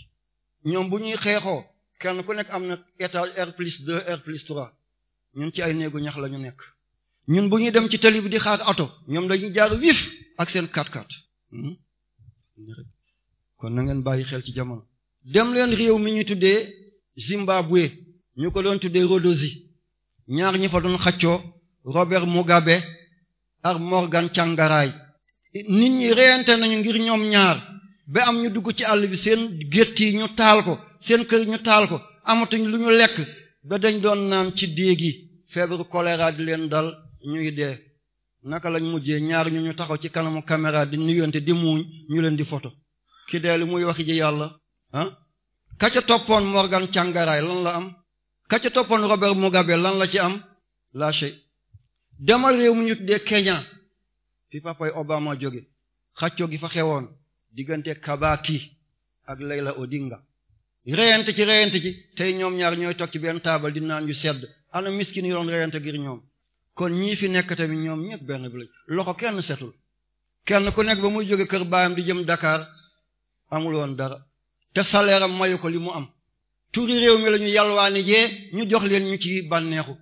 ñoom bu ñuy xeexoo kenn ku nekk am na étage R plus 2 R plus 3 ñun ci ay néegu ñax la ñu nekk ñun bu ñuy dem ci tali di xaar oto ñoom dañuy jaar wiif ak seen 4 x hmm? kon na ngeen bàyyi xel ci jamono dem leen réew mi ñu tuddee Zimbabwe ñu ko doon tuddee Rhodesie ñaar ñi fa doon xaccoo Robert Mugabe ak Morgan Tsvangirai nit ñi reyante nañu ngir ñoom ñaar ba am ñu dugg ci àll bi seen gétt yi ñu taal ko seen kër ñu taal ko amatuñ lu ñu lekk ba dañ doon naan ci déeg yi feebaru choléra di leen dal ñuy dee naka lañ mujjee ñaar ñu ñu taxaw ci kanamu caméra di nuyonte di muuñ ñu leen di photo ki dee li muy wax ji yàlla ah ka ca toppoon Morgan Tsvangirai lan la am ka ca toppoon Robert Mugabe lan la ci am lâché demal réew mu ñu tuddee Kenya fi papay Obama jóge xàccoo gi fa xewoon diggante Kabaki ak Layla Odinga reyante ci reyante ci tey ñoom ñaar ñooy toog ci benn taabal di naan yu sedd ana miskin yi doon reyante ngir ñoom kon ñii fi nekk tamit ñoom ñëpp benn bi loxo kenn setul kenn ku nekk ba muy jóge kër baayam di jëm Dakar amul woon dara te salaire mayu ko li mu am turi réew mi la ñu yalwaane jee ñu jox leen ñu ci bànneexu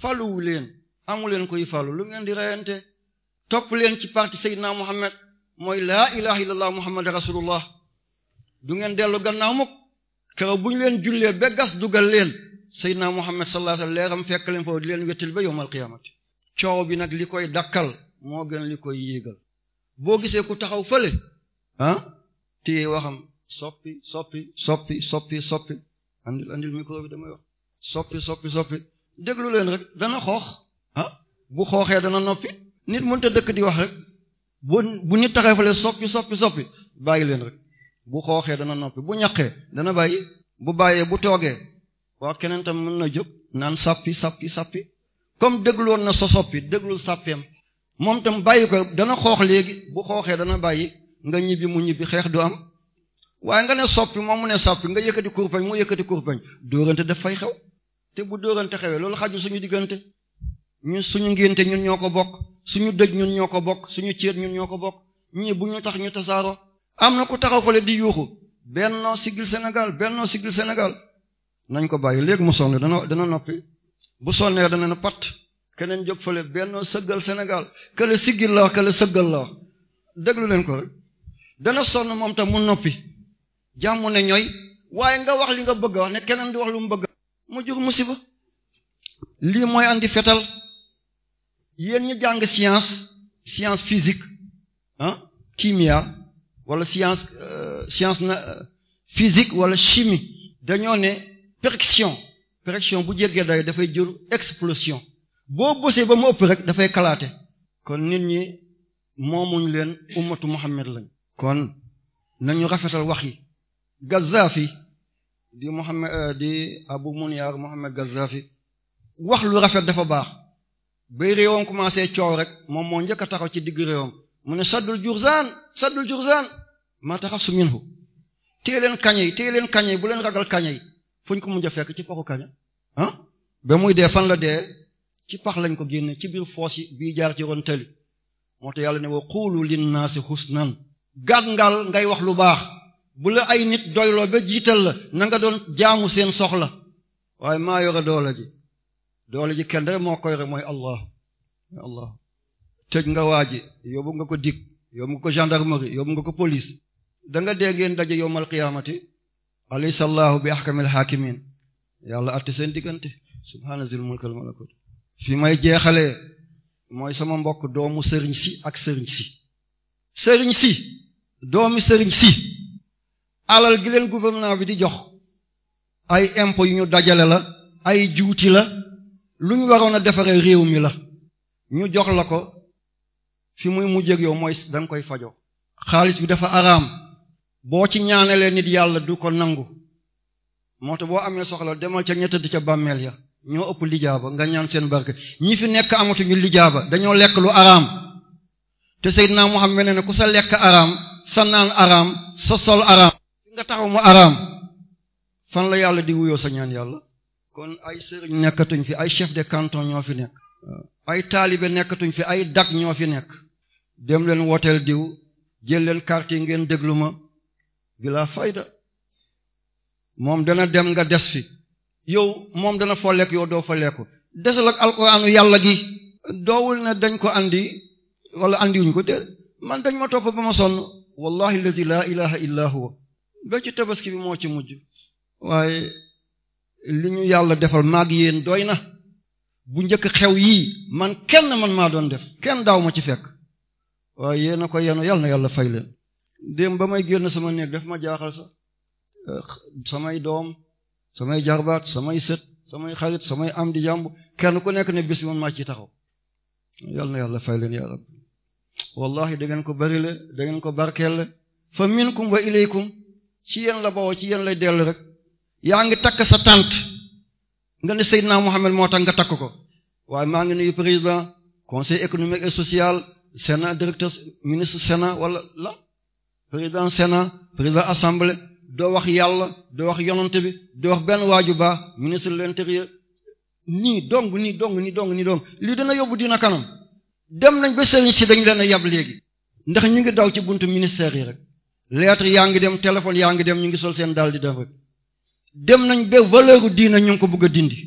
faluwu leen amu leen koy falu lu ngeen di reyante topp leen ci parti Seydina Muhammad mooy la ilaha illallah Muhammad rasulullah du ngeen dellu gannaaw mukk keroog bu ñu leen jullee ba gas dugal leen Seydina Muhammad sallallahu alayhi wasallam leeram fekk leen foofu di leen wettil ba yowmal qiyaamati coow bi nag li koy dakkal moo gën li koy yéegal boo gisee ku taxaw fële ah waxam soppi soppi soppi soppi soppi andil andil micro bi dama yor soppi soppi soppi déglu leen rek dana xoox bu xooxee dana noppi nit mën mënta dëkk di wax rek bu bu nit taxee fale soppi soppi soppi bàyyi leen rek bu xooxee dana noppi bu ñaqee dana bàyyi bu bàyyee bu toogee waa keneen tam mën na jóg naan sappi sappi sappi comme déglu woon na so soppi déglul sàppeem moom tam bàyyi ko dana xoox léegi bu xooxee dana bàyyi nga ñibbi mu ñibbi xeex du am waaye nga ne soppi moom mu ne soppi nga yëkkati kurpeñ mu yëkkati kurpeñ dóorante daf fay xew te bu dóorante xewee loolu xaju suñu diggante ñun suñu ngénte ñun ñoo ko bokk suñu dëj ñun ñoo ko bokk suñu céet ñun ñoo ko bokk ñii bu ñu tax ñu tasaaro am na ku taxaw fale di yuuxu bennoo sigil Sénégal bennoo sigil senegal nañ ko bàyyi léegi mu sonn dana dana noppi bu sonnee dana na pat keneen jóg fale bennoo sëggal Sénégal kële sigil la kël sëggal la déglu leen ko rek dana sonn moom tam mu noppi jàmm ne ñooy waaye nga wax li nga bëgg wax ne keneen di wax lu mu bëgg mu jur musiba lii mooy andi fetal yéen ñu jàng science science physique ah chimia wala science euh, science na euh, physique wala chimie dañoo ne percussion percussion bu jéggee day dafay jur explosion boo bësee ba mu ëpp rek dafay kalaate kon nit ñi moomuñ leen ummatu Muhammad lañ kon nañu rafetal wax yi Gazafi di Mohamed euh, di Abu Munyar Mohamed Gazafi wax lu rafet dafa baax bay réewam commencé coow rek moom moo njëkk a taxaw ci digg réewam mu ne saddul jurzaan saddul jurzaan maa taxaw su minhu téye leen kañe yi téye leen kañe yi bu leen ragal kañe yi fu ñu ko mujj a fekk ci paxu kañe ah ba muy dee fan la dee ci pax lañ ko génne ci biir foos yi bii jaar ci ron tali moo tax yàlla ne wa qulu linnaasi husnan ngal ngay wax lu baax bu la ay nit doyloo ba jiital la na nga doon jaamu seen soxla waaye maa yore doole ji doole ji kenn rek moo koy rek mooy Allah Allah tëj nga waa ji yóbbu nga ko dik yóbbu nga ko gendarmerie yóbbu nga ko police da nga dee ngeen daje yowmal qiyaamati alaysa allahu bi ahkamil hakimin yàlla atte seen diggante subhaana zil mulkal malakut fi may jeexale mooy sama mbokk doomu sëriñ si ak sëriñ si sëriñ si doomi sëriñ si alal gi leen gouvernement bi di jox ay impôts yu ñu dajale la ay juuti la lu ñu waroon a defaree réew mi la ñu jox la ko fi muy mujjeg yow mooy da koy fajo xaalis bi dafa araam boo ci ñaanalee nit yàlla du ko nangu moo tax boo amee soxla demal ca ña tëdd ca bàmmeel ya ñoo ëpp lijaaba nga ñaan seen barke ñi fi nekk amatuñu lijaaba dañoo lekk lu araam te Seydina Muhammad ne ku sa lekk araam sa naan araam sa sol araam nga taxaw mu araam fan la yàlla di yow sa ñaan yàlla kon ay sëriñ nekkatuñ fi ay chef de canton ñoo fi nekk ay taalibe nekkatuñ fi ay dak ñoo fi nekk dem leen woteel diw jël leen carte yi ngeen déglu ma bila fayda moom dana dem nga des fi yow moom dana foo yow doo fa lekk desal ak alquraanu yàlla gi doowul ne dañ ko andi wala andiwuñ ko dé man dañ ma topp ba ma sonn wallahi allazi la huwa ba ci tabaski bi moo ci mujj waaye li ñu yàlla defal maag yéen doy na bu njëkk xew yii man kenn man maa doon def kenn daaw ma ci fekk waaye yéen a ko yenu yàlla na yàlla fay leen démb ba may génn sama néeg daf ma jaaxal sa samay doom samay jarbaat samay sët samay xarit samay am di jàmb kenn ku nekk ne bis man maa ci taxaw yàlla na yàlla fay leen ya rabbi wallahi da ko bari le da ko barkeel le fa minkum wa ilaykum ci yéen la bawoo ci yéen lay dellu rek yaa ngi takk sa tànt nga ne Seydina Mohamed moo tax nga takk ko waaye maa ngi nuyu président conseil économique et sociale sénat directeur ministre sénat wala la président sénat président assemblée doo wax yàlla doo wax yonante bi doo wax benn waaju baax ministre de l'intérieur nii dong nii dong nii dong nii dong lii dana yóbbu dina kanam dem nañ ba sëriñ si dañu leen a yab léegi ndax ñu ngi daw ci buntu ministère yi rek lettre yaa ngi dem téléphone yaa ngi dem ñu ngi sol seen daal di def rek dem nañ ba valeuru diina ñu ngi ko bëgg a dindi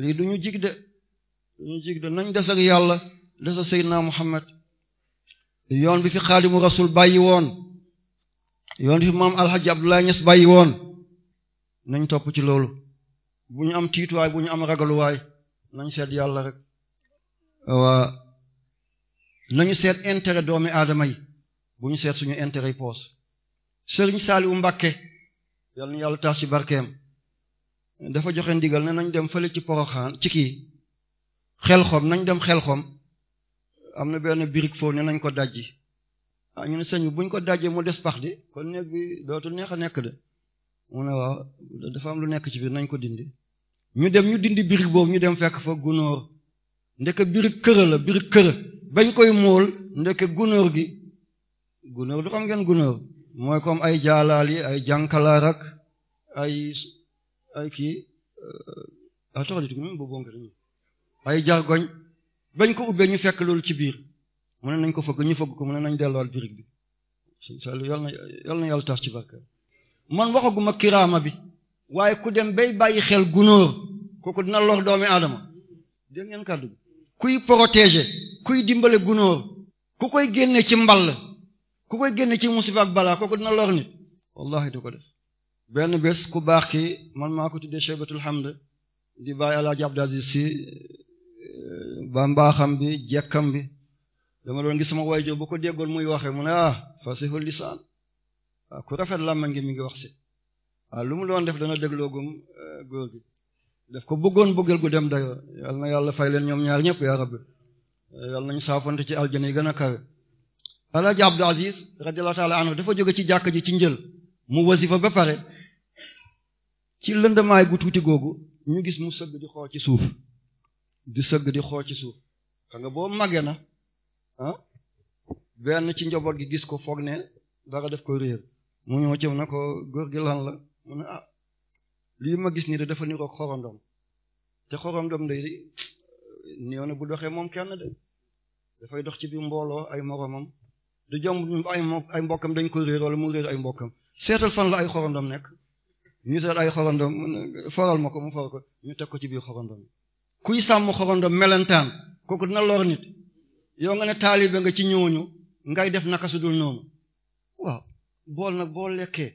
lii du ñu jig de du ñu jig de nañ des yàlla des ak Seydina Muhammad yoon bi fi xaadimu rasul bàyyi woon yoon bi fi maam alxaji Abdoulaye Niass bàyyi woon nañ topp ci loolu bu ñu am tiituwaay bu ñu am ragaluwaay nañ seet yàlla rek waa nañu seet intérêt doomi aadama yi bu ñu seet suñu intérêt yi poos sëriñ Saaliwu Mbàkke yal na yàlla taas ci barkeem dafa joxe ndigal ne nañ dem fële ci poroxaan ci kii xel xelxom nañ dem xelxom am na benn birig foofu ne nañ ko dajji ah ñu ne sëñ bi buñ ko dajjee mu des pax di kon néeg bi dootul neex a nekk de mu ne waaw dafa am lu nekk ci biir nañ ko dindi ñu dem ñu dindi birig boobu ñu dem fekk fa gunóor ndeke birig kër la birig kër bañ koy mool ndeke gunóor gi gunóor du ngeen gunóor mooy comme ay jaalaali ay jànkalaar ak ay ay kii euh, a toxadit gunóor boobu bonk dañu ay jargoñ bañ ko ubbee ñu fekk loolu ci biir mu ne nañ ko fëgg ñu fëgg ko mu ne nañ delluwaat birig bi salu yal na yal na ci barka man waxaguma kiraama bi waaye ku dem bay bàyyi xel gunóor kooku dina lor doomi aadama dégg ngeen kàddu bi kuy protéger kuy dimbale gunóor ku koy génne ci mball ku koy génne ci musiba ak balaa kooku dina lor nit wallahi du def benn bés ku baax ki man maa ko tuddee Cheybatul Hamd di bàyyi Alaaji Abdou Aziz si euh, ba mbaaxam bi jekkam bi dama doon gis sama waajur bu ko déggoon muy waxe mu ne ah fasihul lisaan ah ku rafet làmma ngi mi ngi wax si ah lu mu doon def dana dégloogum euh, góor gi daf ko bëggoon bëggal gu dem dayo yal na yàlla fay leen ñoom ñaar ñëpp yaa rabbi yal nañu saafante ci aljana yi gën a kawe Alaaji Abdou Aziz radiyallahu ta'ala anhu dafa jóge ci jàkk ji ci njël mu wasifa ba pare ci lëndamaay gu tuuti googu ñu gis mu sëgg di xool ci suuf di sëgg di xool ci suuf xam nga boo màggee na ah benn ci njaboot gi gis ko foog ne dara def ko réer mu ñëw ci na ko góor gi lan la mu ne ah lii ma gis nii de dafa niroog xorondom te xorondom day eh, néew na bu doxee moom kenn de dafay dox ci bi mbooloo ay moromam du jomb ay ay mbokkam dañ ko réer wala mu réer ay mbokkam seetal fan la ay xorondom nekk ñu seet ay xorondom foral ma ko mu for ko ñu teg ko ci biir xorondom kuy sàmm xorondom melentaan kooku dina lor nit yow nga ne taalibe nga ci ñooñu ngay def naka su dul noonu waaw bool nag boo lekkee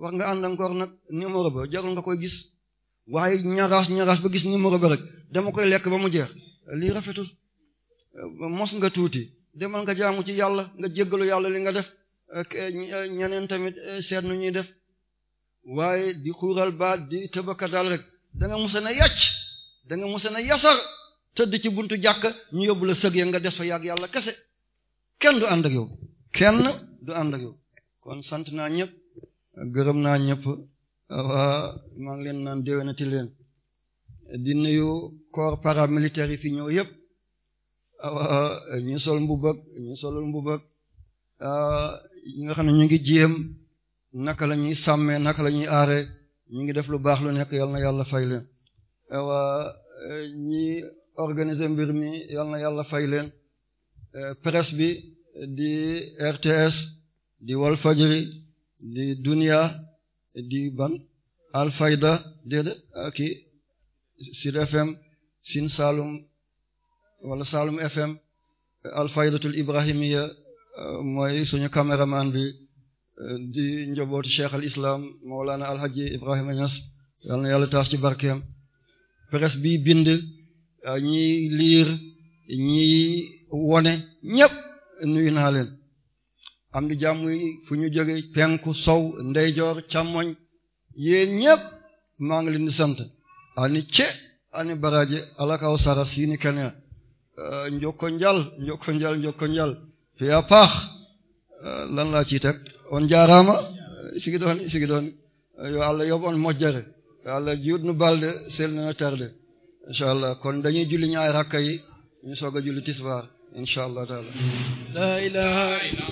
wax nga ànd encore nag numéro ba jarul nga koy gis waaye ñaraas ñaraas ba gis numéro ba rek dama koy lekk ba mu jeex lii rafetul mos nga tuuti demal nga jaamu ci yàlla nga jéggalu yàlla li nga def eh, eh, ñeneen tamit eh, seet nu ñuy def waaye di xuural baat di tëbaka daal rek da nga musa na yàcc da nga musa na yasar tëdd ci buntu jàkk ñu yóbbu la sëg ya nga def fa yàgg yàlla kese kenn du ànd ak yow kenn du ànd yow kon sant naa ñëpp gërëm naa ñëpp waa maa ngi leen naan déwénati leen di nuyu corps paramilitaire yi fi ñëw yëpp Eh, ñi sol mbubak ñi solul mbubak ah, ñi nga xam ne ñu ngi jéem naka la ñuy sàmmee naka la ñuy aare ñu ngi def lu baax lu nekk yal na yàlla fay leen wa eh, ñi mbir mi yal na yàlla fay leen eh, presse bi di RTS di Walfadjri di Dunia di ban Alfayda déedéet ah, kii Sud FM Sine Saloum wala Saloum FM alfaydatul ibrahimiya euh, mooy suñu caméraman bi euh, di njabootu cheikh al islam Mawlana alhaji Ibrahima Niass yal na yàlla taas ci barkeem presse bi bind ñiy liir ñiy wone ñépp nuyu naa leen am di jàmm fu ñu jóge penku sow ndeyjoor càmmoñ yéen ñépp maa ngi leen di ani ce ani baraje alakaw saras yi ni Eh, njoko njal njoko njal njoko njal fiya paax eh, lan laa ciy on jaaraama eh, sigi doon sigi doon yo Allah yob on mojjere yo Allah jiutnu balde sel nana tarde incha kon dañuy julli ñaari rakka yi ñu soog a julli tisbaar incha allah taala la ilaha illa